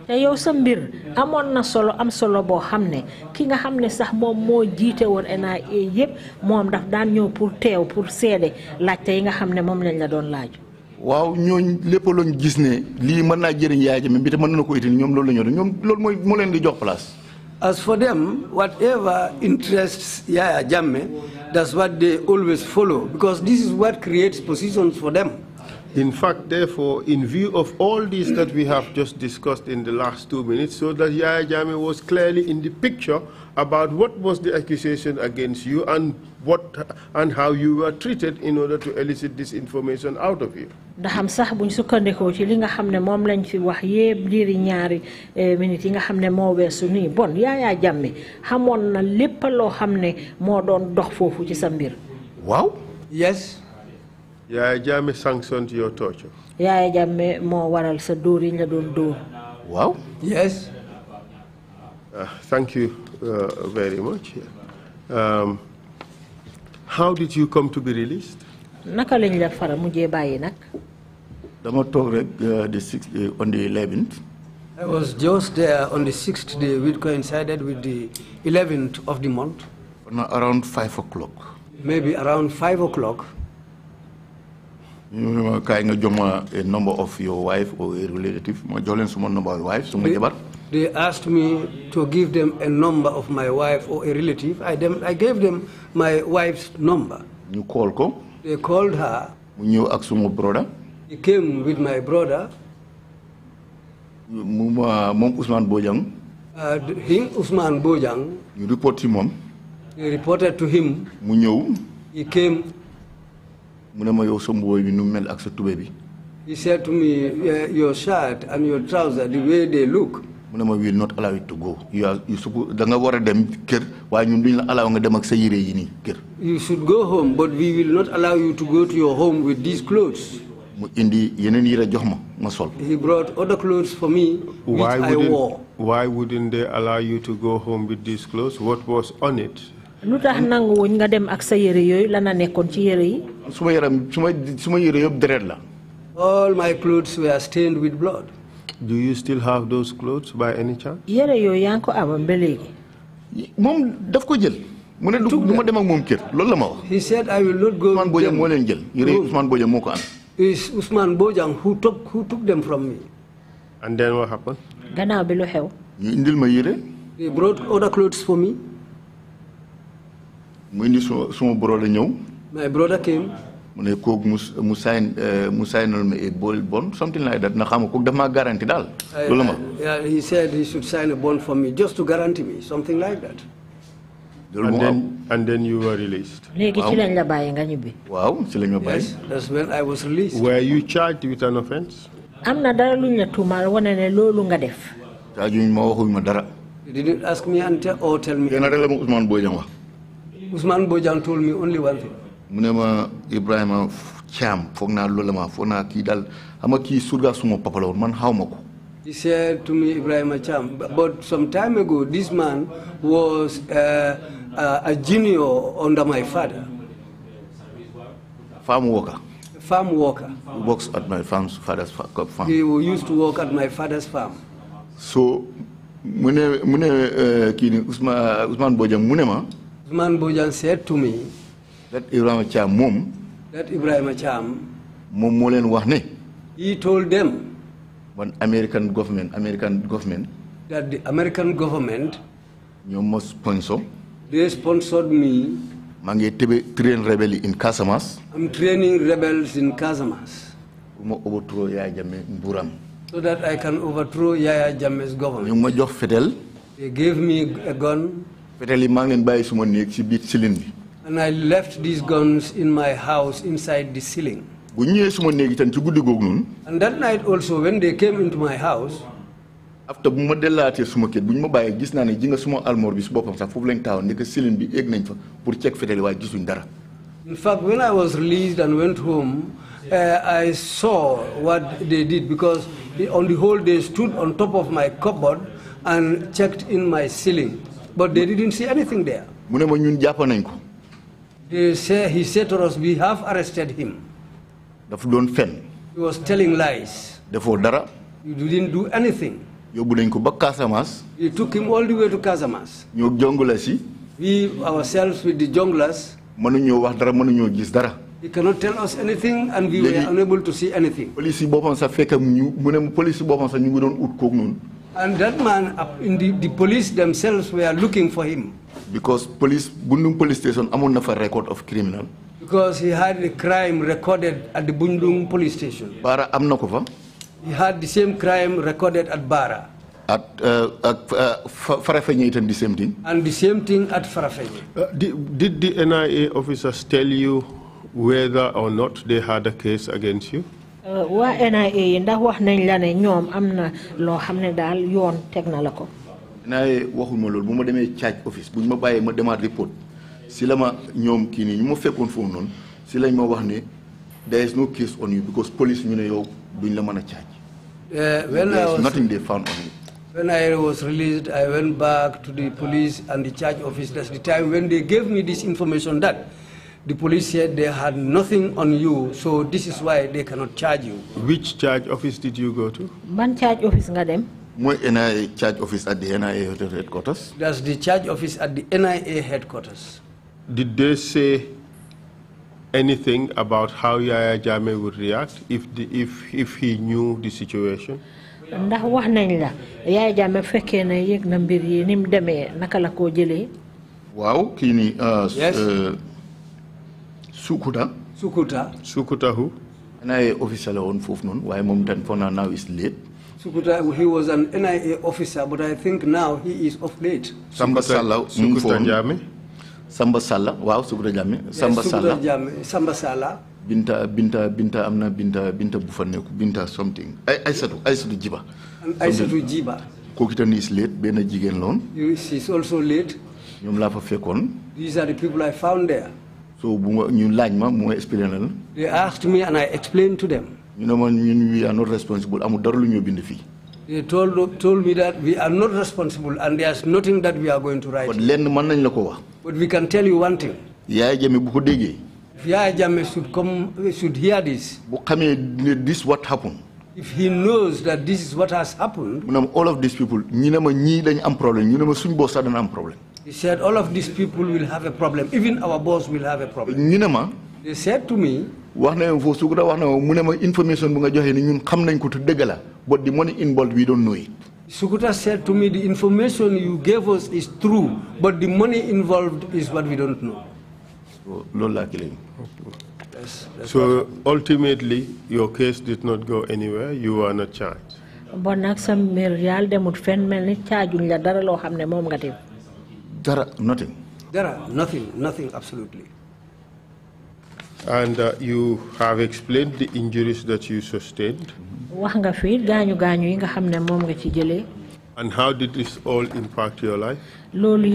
te yow sa mbir amoon na solo am solo boo xam ne ki nga xam ne sax moom moo jiite woon NIA yëpp moom daf daan ñëw pour teew pour seede laajte yi nga xam ne moom lañ la doon laaj. waaw ñooñ lépp lañ gis ne lii mën naa jëriñ yaay jëme bi te mën na ko itil ñoom loolu la ñu ñoom loolu mooy moo leen di jox place. As for them, whatever interests Yaya Jamme, that's what they always follow, because this is what creates positions for them. In fact, therefore, in view of all this that we have just discussed in the last two minutes, so that Yaya Jammeh was clearly in the picture about what was the accusation against you and what and how you were treated in order to elicit this information out of you. ndaxam sax buñ sukkandikoo ci li nga xam ne moom lañ fi wax yépp diiri ñaari eh, minutes yi nga xam ne moo weesu bon yaayaa jàmme xamoon na lépp loo xam ne moo doon dox foofu ci sa mbir. waaw. yes. yaaya jàmme sanctioned your torture. yaaya jàmme moo waral sa dóor yi nga doon dóor. waaw. yes. Ah, thank you. Uh, very much. Um, how did you come to be released? naka lañ la fara mujjee bàyyi nag. dama toog rek uh, the sixth day on the 11th. I was just there on the sixth day, which coincided with the 11th of the month. Around five o'clock. Maybe around five o'clock. You kind of a number of your wife or a relative. My Jolene, someone number of wife, some jabar they asked me to give them a number of my wife or a relative. I, dem I gave them my wife's number. You call ko? They called her. You ak sumo brother? He came with my brother. Mom ah, Usman Bojang? Uh, him, Usman Bojang. You report him on? They reported to him. Mu He came. Muna mayo ma yow sa mboy bi nu He said to me, your shirt and your trousers, the way they look mu ne ma will not allow it to go you are you supposed da nga war a dem kër waaye ñun duñ la allow nga dem ak sa yére yi nii kër. you should go home but we will not allow you to go to your home with these clothes. mu indi yeneen yére jox ma ma sol. he brought other clothes for me. which I wore. why wouldn't they allow you to go home with these clothes what was on it. lu tax nangu wuñ nga dem ak sa yére yooyu lan a nekkoon ci yére yi. suma yaram suma suma yére yëpp deret la. all my clothes were stained with blood. Do you still have those clothes by any chance? yére yo yaa ngi ko amoon ba léegi. moom daf ko jël. mu ne du ma dem ak moom kër loolu la ma wax. he said I will not go. Ousmane Bojang moo leen jël yére yi Ousmane Bojang moo ko am. is Ousmane Bojang who took who took them from me. and then what happened. gannaaw bi lu xew. ñu indil ma yére. He brought other clothes for me. mu indi suma suma ñëw. my brother came mu ne kooku mu mu sign eh, mu signal me a bond something like that na xama kooku daf maa garanti daal eh, loolu eh, he said he should sign a bond for me just to guarantee me something like that and then, and then you were released. nga Wow. wow. Yes, that's when I was released. Were you charged with an offense? am na dara luñ la tuumaal wane ne loolu nga def. caajuñ ma waxuñ ma dara. didn't ask me and tell or tell me. kenn rek la ma Ousmane Bojang wax. Ousmane Bojang told me only one thing mu ne ma Ibrahima Thiam uh, foog naa loolu la ma foog surga sumo papa la woon man xaw He said to me, Ibrahima uh, Cham, but some time ago, this man was uh, uh, a junior under my father. Farm worker. Farm worker. He works at my farm's father's farm. He used to work at my father's farm. So, Mune uh, Usman Bojan Munema. Usman Bojan said to me, that Ibrahima Cham moom. that Ibrahim Cham moom moo leen wax ne. he told them. When American government American government. that the American government. You must sponsor. they sponsored me. maa ngi tebe train rebel in Casamas. I'm training rebels in Casamas. pour overthrow Yaya Jammeh so that I can overthrow Yaya Jammeh's government. ñu ma jox Fidel. they gave me a gun. fetel yi maa ngi leen bàyyi suma ci cylindre and I left these guns in my house inside the ceiling. And that night also, when they came into my house, after ceiling egg In fact, when I was released and went home, uh, I saw what they did because on the whole they stood on top of my cupboard and checked in my ceiling, but they didn't see anything there. They say, he said to us, we have arrested him. daf don fen. he was telling lies. defoo dara. you didn't do anything. yóbbu nañ ko ba Casamance. we took him all the way to Kasamas. ñoo jongla we ourselves with the Manu mënuñoo wax dara mënuñoo gis dara. he cannot tell us anything and we were unable to see anything. police yi boppam sax fekk ñu mu ne police yi boppam ñu ngi doon ut and that man in the the police themselves were looking for him. Because police, Bundung police station, amun nafa record of criminal. Because he had the crime recorded at the Bundung police station. Bara amna ko fa? He had the same crime recorded at Bara. At, uh, at uh, the same thing? And the same thing at Farafenye. Uh, did, did the NIA officers tell you whether or not they had a case against you? Uh, waa NIA ndax wax nañ la ne ñoom am na loo yoon na la waxul ma office ma ma report si lañ ma wax there is no case on you because police ñu ne yow duñ la mën a caaj. Eh, when I was nothing they found on When I was released, I went back to the police and the charge office. That's the time when they gave me this information that the police said they had nothing on you, so this is why they cannot charge you. Which charge office did you go to? One charge office, madam. What NIA charge office at the NIA headquarters? That's the charge office at the NIA headquarters. Did they say anything about how Yaya Jame would react if, the, if, if he knew the situation? ndax wax nañ la yaay fekkee yëg na mbir yi ni mu demee naka la koo jëlee waaw kii ni uh, uh, sukuta sukuta sukuta hu naa officiel la woon foofu noonu waaye moom tan naa is late he was an NIA officer, but I think now he is off late. Samba Sala, Jami. Samba Sala, wow, Sukuta Jami. Samba Sala. Samba Sala. Binta, Binta, Binta, Amna, Binta, Binta Bufaneku, Binta something. I, I said, I said Jiba. I said Jiba. Kokitan is late, Bena Jigen Lon. She's also late. ñoom laa fa these are the people I found there. so you ñu ma mu they asked me and I explained to them ñu ne we are not responsible amul dara lu ñu bind fii. they told told me that we are not responsible and there is nothing that we are going to write. kon lenn mën nañ but we can tell you one thing. If Yaya should come should hear this. bu xamee this what happened. if he knows that this is what has happened. all of these people ñu ne ma ñii dañu am problème ñu ne ma suñu boss sax He said all of these people will have a problem even our boss will have a problem. ñu ne ma. they said to me wax na for Sukuta wax na mu ne ma information bu nga joxe ni ñun xam nañ ko te dëgg la but the money involved we don't know it. Sukuta said to me the information you gave us is true but the money involved is what we don't know. loolu laa kilim. so ultimately your case did not go anywhere you were not charged. bon nag sa mbir yàlla demut nothing nothing absolutely. And uh, you have explained the injuries that you sustained. And how did this all impact your life? loolu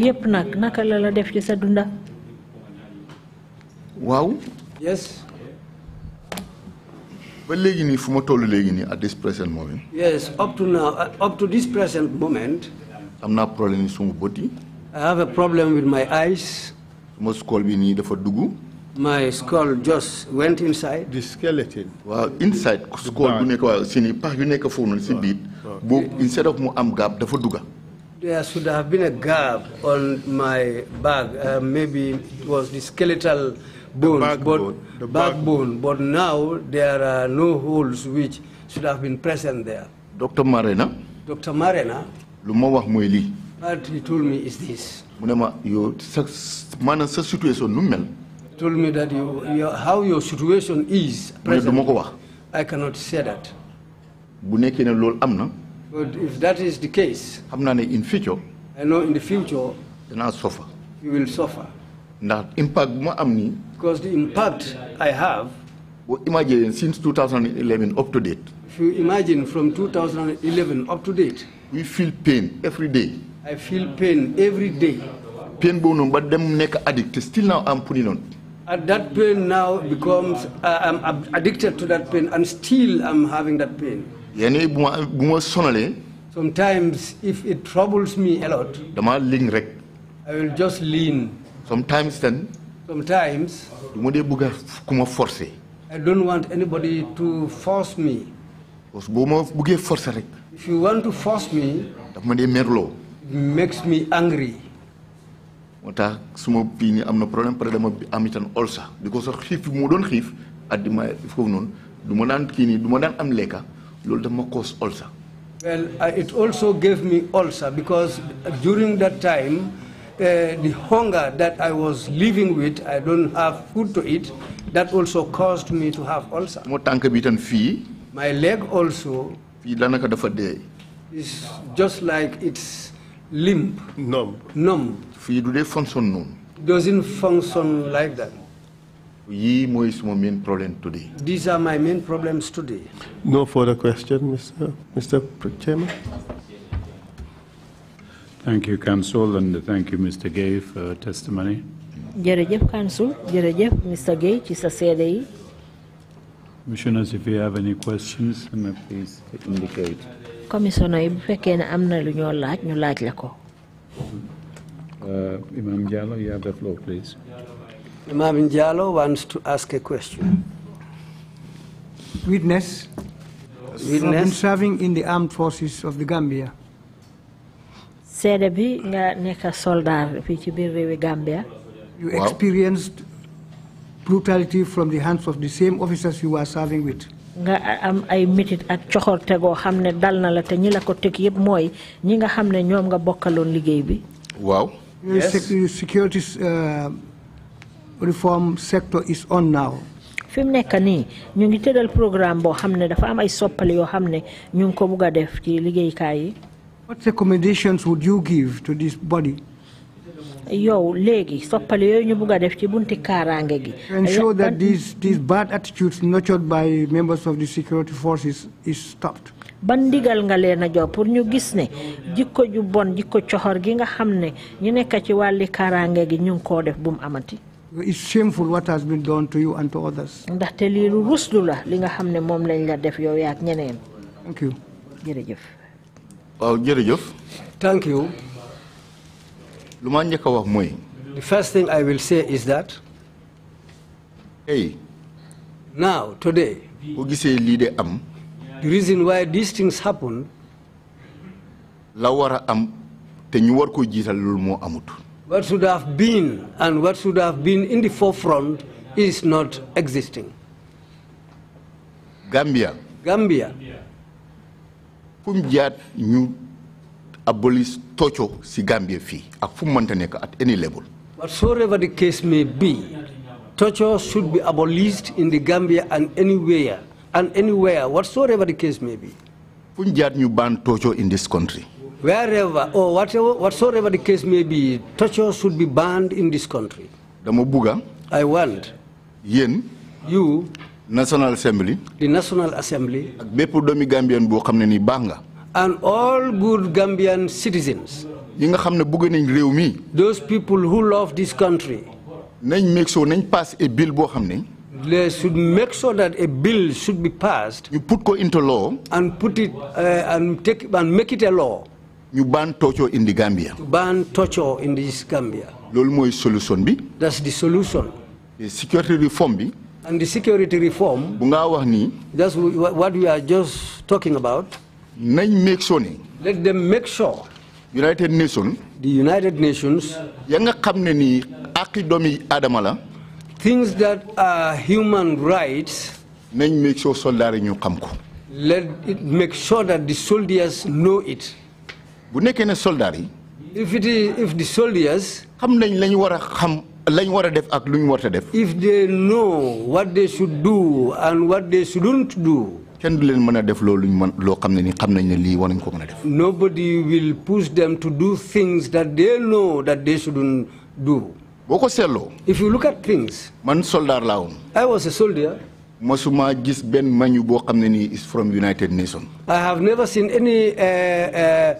yes. at this present moment. yes up to now uh, up to this present moment. i am not problème yi my body. I have a problem with my eyes. suma call me need for dugu. My skull just went inside. The skeleton. Well, inside skull you nek sini pax yu nek fofu instead of mo am gap dafa duga. There should have been a gap on my back. Uh, maybe it was the skeletal bones, the backbone, but the backbone. But now there are no holes which should have been present there. Dr. Marena. Dr. Marena. Lu ma What he told me is this. Mu ma situation told me that you, how your situation is present. I cannot say that. But if that is the case, in future, I know in the future, I suffer. you will suffer. Impact because the impact I have, imagine since 2011 up to date. If you imagine from 2011 up to date, we feel pain every day. I feel pain every day. Pain but them neck addict. Still now I'm putting on. Uh, that pain now becomes, uh, I'm addicted to that pain and still I'm having that pain. Sometimes if it troubles me a lot, I will just lean. Sometimes then, sometimes I don't want anybody to force me. If you want to force me, it makes me angry suma problème pare dama am olsa sax am dama cause Well, it also gave me ulcer because during that time, uh, the hunger that I was living with, I don't have food to eat, that also caused me to have ulcer. moo tànk bi itam My leg also. fii daanaka dafa dee. is just like it's limp. numb. numb fii doesn't function like that. these are my main problems today. no further question Mr. Mr. Chairman. Thank you, Council, and thank you, Mr. Gay, for testimony. Jerejef Council, Jerejef, Mr. Gay, Chisa Sedei. Commissioners, if you have any questions, please indicate. Commissioner, if you have any questions, uh, Imam Diallo, you have the floor, please. Imam Diallo wants to ask a question. Witness. Witness. I've been serving in the armed forces of the Gambia. you experienced brutality from the hands of the same officers you were serving with. nga am ay mitit ak coxorte goo xam dal na la te ñi la ko teg yëpp mooy ñi nga xam ne nga bokkaloon liggéey bi. waaw. Yes. security uh, reform sector is on now. fi mu nekk nii ñu ngi tëral programme bo xam ne dafa am ay soppali yoo xam ne ñu ngi ko bugg def ci liggéeykaay yi. what recommendations would you give to this body. Yo legi soppali yooyu ñu bugg def ci bunti kaaraange gi. ensure that these these bad attitudes nurtured by members of the security forces is stopped. ban ndigal nga leen a jox pour ñu gis ne jikko ju bon jikko coxor gi nga xam ne ñu nekk ci wàlli kaaraange gi ñu ngi koo def bu mu amati. It's shameful what has lii lu ruslu la li nga xam ne moom lañ la def yow yaa ak ñeneen. thank you. jërëjëf. waaw jërëjëf. thank you. lu ma njëkk a wax mooy. the first thing I will say is that. hey. now today. boo gisee lii de am. The reason why these things happen. What should have been and what should have been in the forefront is not existing. Gambia. Gambia. Pumjat ñu abolish torture si Gambia fi ak fu mënta nek at any level. Whatsoever the case may be, torture should be abolished in the Gambia and anywhere and anywhere, whatsoever the case may be. Punjab you ban torture in this country. Wherever or whatever, whatsoever the case may be, torture should be banned in this country. Damobuga. I want. Yen. You. National Assembly. The National Assembly. Ak bépp Gambian boo and all good Gambian citizens. those people who love this country. nañ make sure nañ pass a bill boo xam they should make sure that a bill should be passed. You put ko into law. And put it uh, and take and make it a law. You ban torture in the Gambia. To ban torture in this Gambia. Lol is solution bi. That's the solution. The security reform bi. And the security reform. That's what we are just talking about. Nañ make sure Let them make sure. United Nations. The United Nations. Ya nga akidomi adamala things that are human rights make sure let it make sure that the soldiers know it if it is if the soldiers if they know what they should do and what they shouldn't do nobody will push them to do things that they know that they shouldn't do if you look at things. I was a soldier masuma gis benn mañu boo xam ne is from United Nations. I have never seen any uh, uh,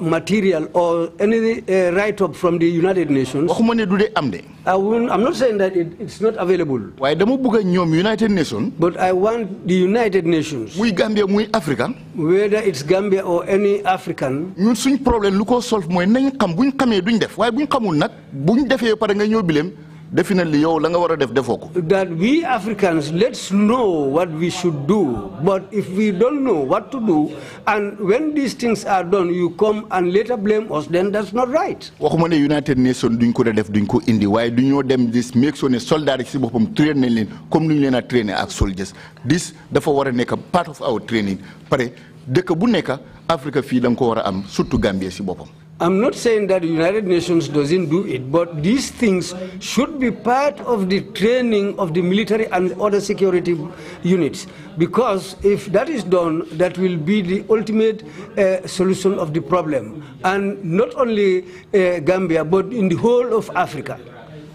material or any uh, write-up from the United Nations. waxuma ne du am de. I won't, I'm not saying that it, it's not available. waaye dama bëgg a United Nations. but I want the United Nations. muy Gambia muy Africa. whether it's Gambia or any African. ñun suñ problème lu ko solve mooy nañ xam buñ xamee duñ def waaye buñ xamul nag buñ defee pare nga ñëw bileem. Definitely, yo, langa wara def defoko. That we Africans, let's know what we should do. But if we don't know what to do, and when these things are done, you come and later blame us, then that's not right. Waxuma ne United Nations duñ ko def duñ ko indi waaye duñoo dem this make sure ne soldat si boppam train nañ leen comme nuñ leen a trainer ak soldiers. This dafa war a nekk part of our training pare dëkk bu nekk Africa fii da nga ko war a am surtout Gambie si boppam. I'm not saying that the United Nations doesn't do it, but these things should be part of the training of the military and other security units. Because if that is done, that will be the ultimate uh, solution of the problem. And not only uh, Gambia, but in the whole of Africa.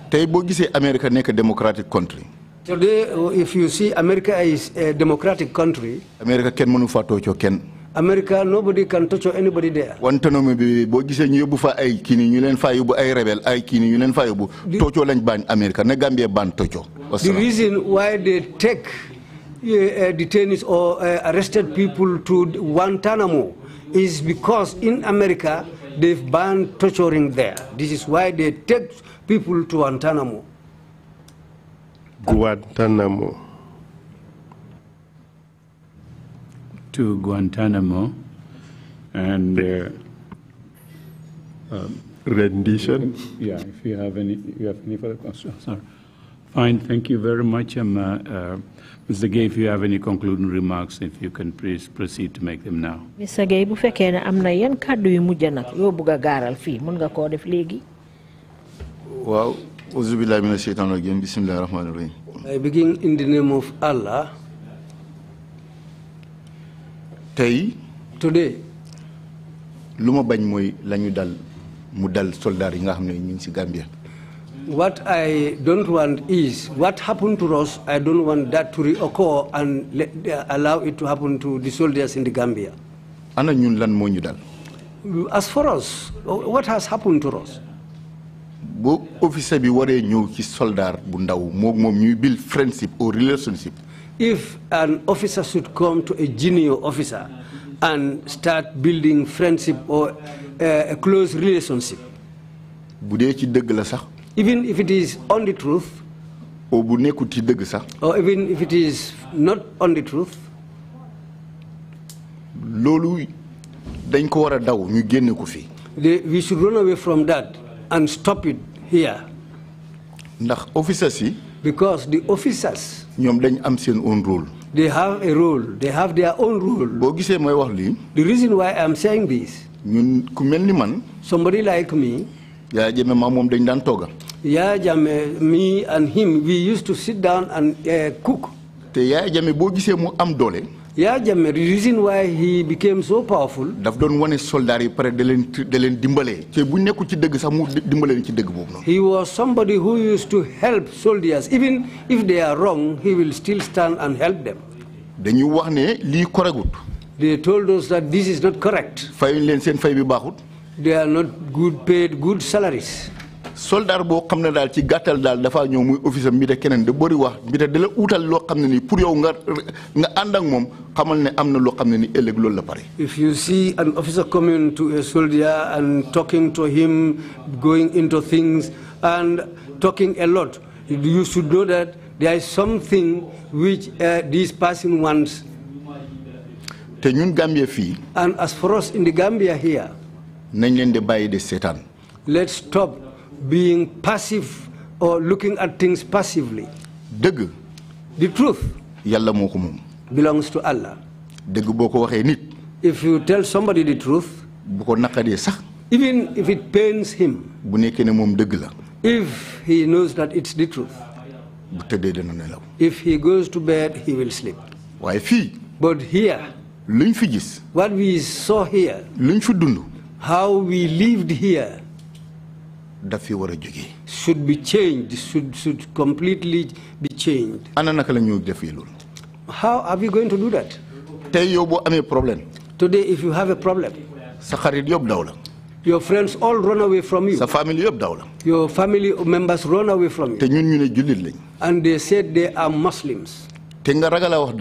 Today, America is a democratic country. Today, if you see America is a democratic country. America can manufacture America nobody can touch anybody there. wante noonu bi boo gisee ñu yóbbu fa ay kii nii ñu leen faa yóbbu rebel ay kii nii ñu leen faa yóbbu. toocoo America ne Gambia ban toocoo. the reason why they take uh, detainees or uh, arrested people to Guantanamo is because in America they've banned torturing there. This is why they take people to Guantanamo. Guantanamo. to Guantanamo and uh, uh, rendition. Yeah, if you have any, you have any further questions. Sorry. Fine, thank you very much, um, uh, uh Mr. Gay. If you have any concluding remarks, if you can please proceed to make them now. Mr. Gay, bu fekkee ne am na yan kàddu yu mujj nag yoo bëgg a gaaral fii mën nga koo def léegi. waaw. auzu billahi mina shaytan rajim bismillahi rahmani rahim. I begin in the name of Allah. tey. today. lu ma bañ mooy la ñu dal mu dal soldaar yi nga xam ne ñu ngi ci Gambia. what I don't want is what happened to us, I don't want that to reoccur and let, ñun lan moo ñu dal. As for us, officer bi waree ñëw ci soldat bu ndaw moom moom ñuy bill friendship or relationship. if an officer should come to a junior officer and start building friendship or uh, a close relationship. Even if it is on the truth, or even if it is not on the truth, we should run away from that and stop it here. Because the officers ñoom dañ am seen own rule. they boo gisee mooy wax lii. the reason why I am saying this. ñun ku mel ni man. somebody like me. Yaya Jammeh ma moom dañ daan tooga. Yaya Jammeh me and him we used to sit down and uh, cook. te Yaya Jammeh boo gisee mu am doole. yaa Jammeh reason why he became so powerful. daf doon wane soldaar yi pare da leen da leen dimbalee. te bu nekkul ci dëgg sax mu dimbalee ci dëgg boobu noonu. he was somebody who used to help soldiers even if they are wrong he will still stand and help them. dañu wax ne lii koregut. they told us that this is not correct. fayuñ leen seen fay bi baaxut. they are not good paid good salaries soldat boo xam ne daal ci gàttal daal dafaa ñëw muy office am mbi te keneen da bëri wax mbi te la utal loo xam ne pour yow nga nga ànd ak moom xamal ne am na loo xam ne nii la pare. if you see an officer coming to a soldier and talking to him going into things and talking a lot you should know that there is something which uh, this person wants. te ñun Gambia fii. and as for us in the Gambia here. nañ leen di bàyyi di seetaan. let's stop being passive or looking at things passively. dëgg. the truth. yàlla moo belongs to Allah. dëgg boko ko nit. if you tell somebody the truth. bu ko naqadee sax. even if it pains him. bu ne moom dëgg la. if he knows that it's the truth. bu tëddee dana nelaw. if he goes to bed he will sleep. waaye fii. but here. luñ fi gis. what we saw here. luñ fi dund. how we lived here daf fi war should be changed should should completely be changed. ana naka how are we going to do that. tey yow boo amee problème. today if you have a problem. sa xarit your friends all run away from you. sa family yëpp daw your family members run away from you. te ñun ñu ne jullit lañ. and they said they are Muslims. te nga wax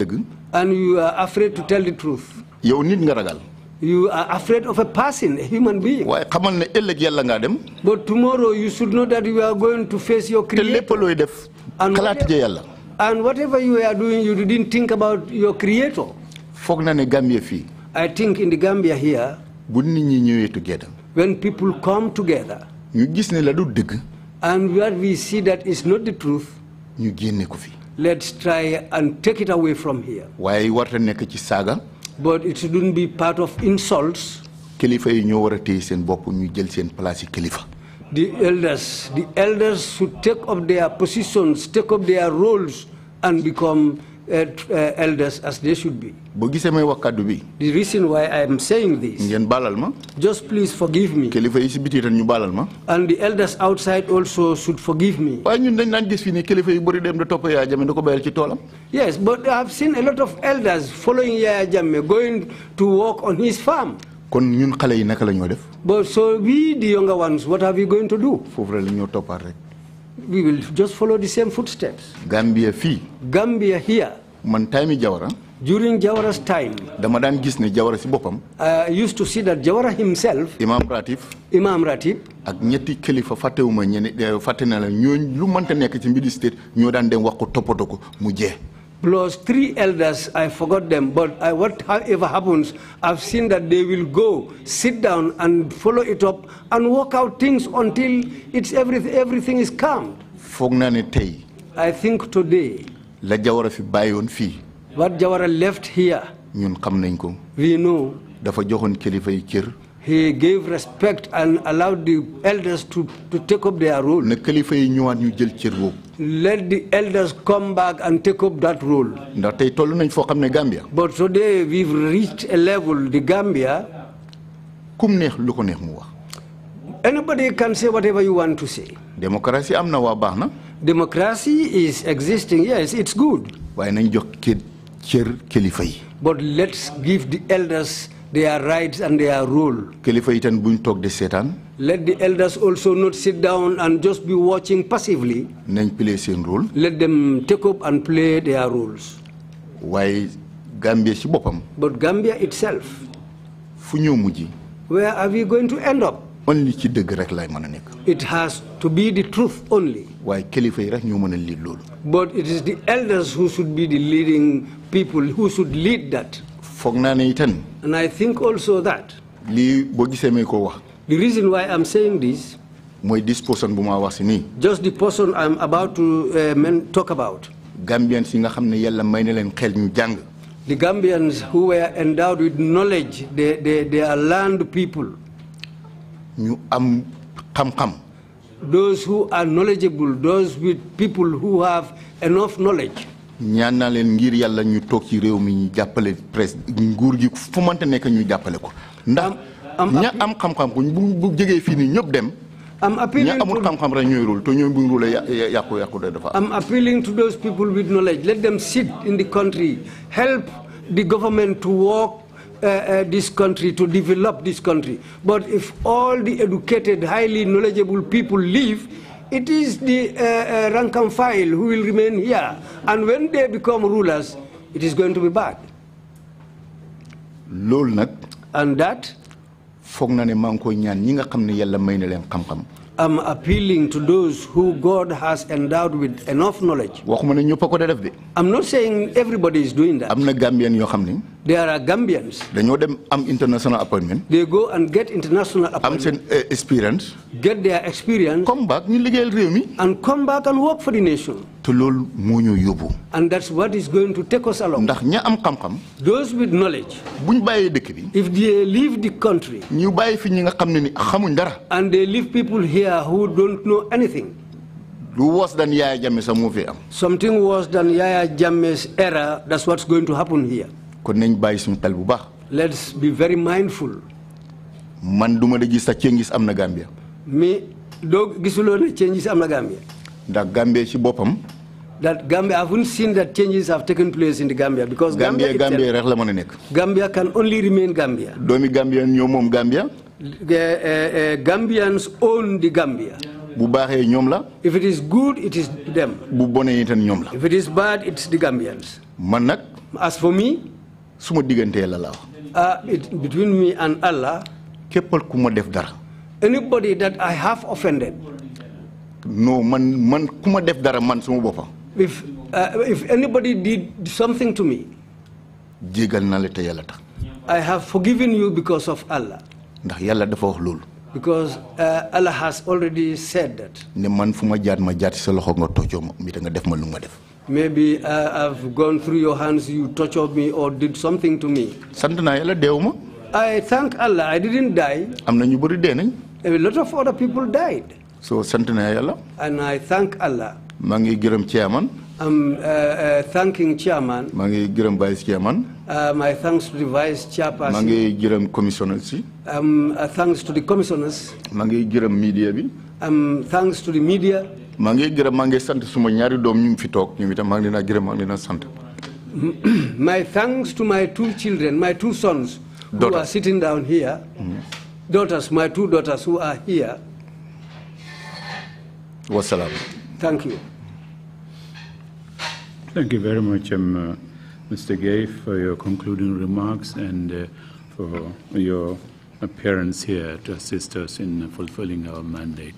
and you are afraid to tell the truth. yow nit nga ragal. You are afraid of a person, a human being. but tomorrow you should know that you are going to face your creator. te lépp and whatever you are doing you didn't think about your creator. Gambia I think in the Gambia here. together. when people come together. and what we see that is not the truth. let's try and take it away from here. waaye warta nekk ci but it shouldn't be part of insults. yi ñoo war a téye seen bopp ñu jël seen place yi the elders the elders should take up their positions take up their roles and become. Uh, uh, elders as they should be. the reason why I am saying this. just please forgive me. and the elders outside also should forgive me. yes but I have seen a lot of elders following Yaya going to work on his farm. but so we the younger ones what are we going to do. we will just follow the same footsteps. Gambia fii. Gambia here. man time yi Jawara. during Jawara's time. dama daan gis ne Jawara si boppam. I uh, used to see that Jawara himself. Imam Ratib. Imam Ratib. ak ñetti kilifa fàttewuma ñene eh, fàtte na la ñooñ lu mënta nekk ci mbiri state ñoo daan dem wax ko toppatoo ko mu jeex. plus three elders, I forgot them, but I, whatever happens, I've seen that they will go, sit down and follow it up and work out things until it's everything, everything is calmed. I think today, la Jawara fi fi. what Jawara left here, we know dafa joxone kilifa yi he gave respect and allowed the elders to, to take up their role. let the elders come back and take up that role. Gambia. but today we've reached a level the Gambia. anybody can say whatever you want to say. democracy am na waa na. democracy is existing yes it's good. but let's give the elders their rights and their rule. kilifa itan buñ tok de setan. let the elders also not sit down and just be watching passively. nañ play seen role. let them take up and play their roles. Why, Gambia ci boppam. but Gambia itself. fu ñëw where are we going to end up. only ci dëgg rek lay mën it has to be the truth only. Why, kilifa yi rek ñoo mën but it is the elders who should be the leading people who should lead that and I think also that. wax. the reason why I'm saying this. person wax just the person I'm about to uh, men talk about. Gambians yi nga yàlla xel ñu jàng. the Gambians who were endowed with knowledge they they they are learned people. ñu am xam-xam. those who are knowledgeable those with people who have enough knowledge. ñaan naa leen ngir yàlla ñu toog ci réew mi ñu jàppale presse nguur gi fu mante nekk ñu jàppale ko ndax ña am xam-xam ko bu bu jógee fii nii ñëpp dem I'm appealing yeah, to come to I'm appealing to those people with knowledge. Let them sit in the country. Help the government to work uh, uh, this country, to develop this country. But if all the educated, highly knowledgeable people leave, It is the uh, uh, rank and file who will remain here. And when they become rulers, it is going to be bad. and that. na ne yàlla I'm appealing to those who God has endowed with enough knowledge. I'm not saying everybody is doing that. am na Gambian yoo xam they are Gambians. dañoo them am international appointment. they go and get international appointment. am saying eh, experience. get their experience. come back ñu liggéeyal and come back and work for the nation. and that's what is going to take us along. am those with knowledge. if they leave the country. ñu bàyyi fi ñi and they leave people here who don't know anything. worse than Yaya Jame's movie. Something worse than Yaya Jame's error, that's what's going to happen here kon nañ bàyyi suñu bu baax. let's be very mindful. man duma la gis sa changes am na Gambia. mais doo gisuloo ne changes am na Gambia. ndax Gambia ci boppam. that Gambia, I haven't seen that changes have taken place in the Gambia because Gambia, Gambia, Gambia can only remain Gambia. Domi Gambian ñoo mom Gambia. The, uh, eh, eh, Gambians own the Gambia. Bu baxé ñom la. If it is good, it is them. Bu boné ñom la. If it is bad, it's the Gambians. Man nak as for me, suma diggante la la Ah, uh, between me and Allah képpal ku ma def dara anybody that I have offended no man man kuma def dara man suma boppam if uh, if anybody did something to me jégal na la te yàlla tax I have forgiven you because of Allah ndax yàlla dafa wax loolu because uh, Allah has already said that ne man fuma ma jaat ma jaat sa loxo nga toccoo mi nga def ma lu def maybe I, have gone through your hands, you tortured me or did something to me. I thank Allah, I didn't die. A lot of other people died. So, and I thank Allah. I'm uh, uh, thanking chairman. maa ngi vice chairman. my um, thanks to the vice chairperson. maa ngi gërëm um, thanks to the commissioners. maa ngi gërëm um, thanks to the media suma ñaari doom ñu fi itam my thanks to my two children my two sons. daughters who are sitting down here. Mm-hmm. daughters my two daughters who are here. Wassalam. thank you. Thank you very much, um, uh, Mr. Gay, for your concluding remarks and uh, for your appearance here to assist us in fulfilling our mandate.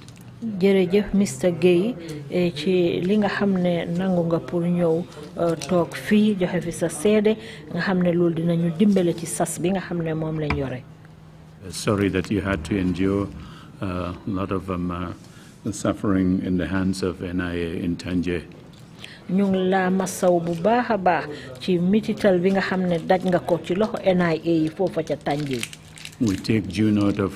jërëjëf Mr Guèye eh, ci li nga xam ne nangu nga pour ñëw eh, toog fii joxe fi sa seede nga xam ne loolu dinañu dimbale ci sas bi nga xam ne moom lañ yore. Sorry that you had to endure eh, a lot of um, uh, suffering NIA in Tangier. ñu ngi laa masaw bu baax a baax ci mitital bi nga xam ne daj nga ko ci loxo NIA yi foofa ca Tangier. We take due note of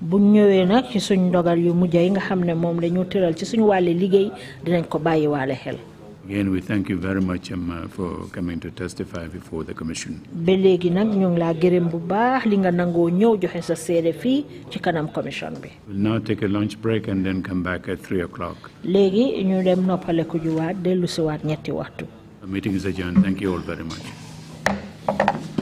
bu ci suñ yu nga ci suñu dinañ ko bàyyi xel. Again, we thank you very much um, uh, for coming to testify before the commission. ba léegi ñu ngi gërëm bu baax li nga ñëw joxe sa ci kanam commission bi. we will now take a lunch break and then come back at three o'clock. léegi ñu dem noppaleku juwaat dellusiwaat ñetti waxtu. the meeting is adjourned. thank you all very much.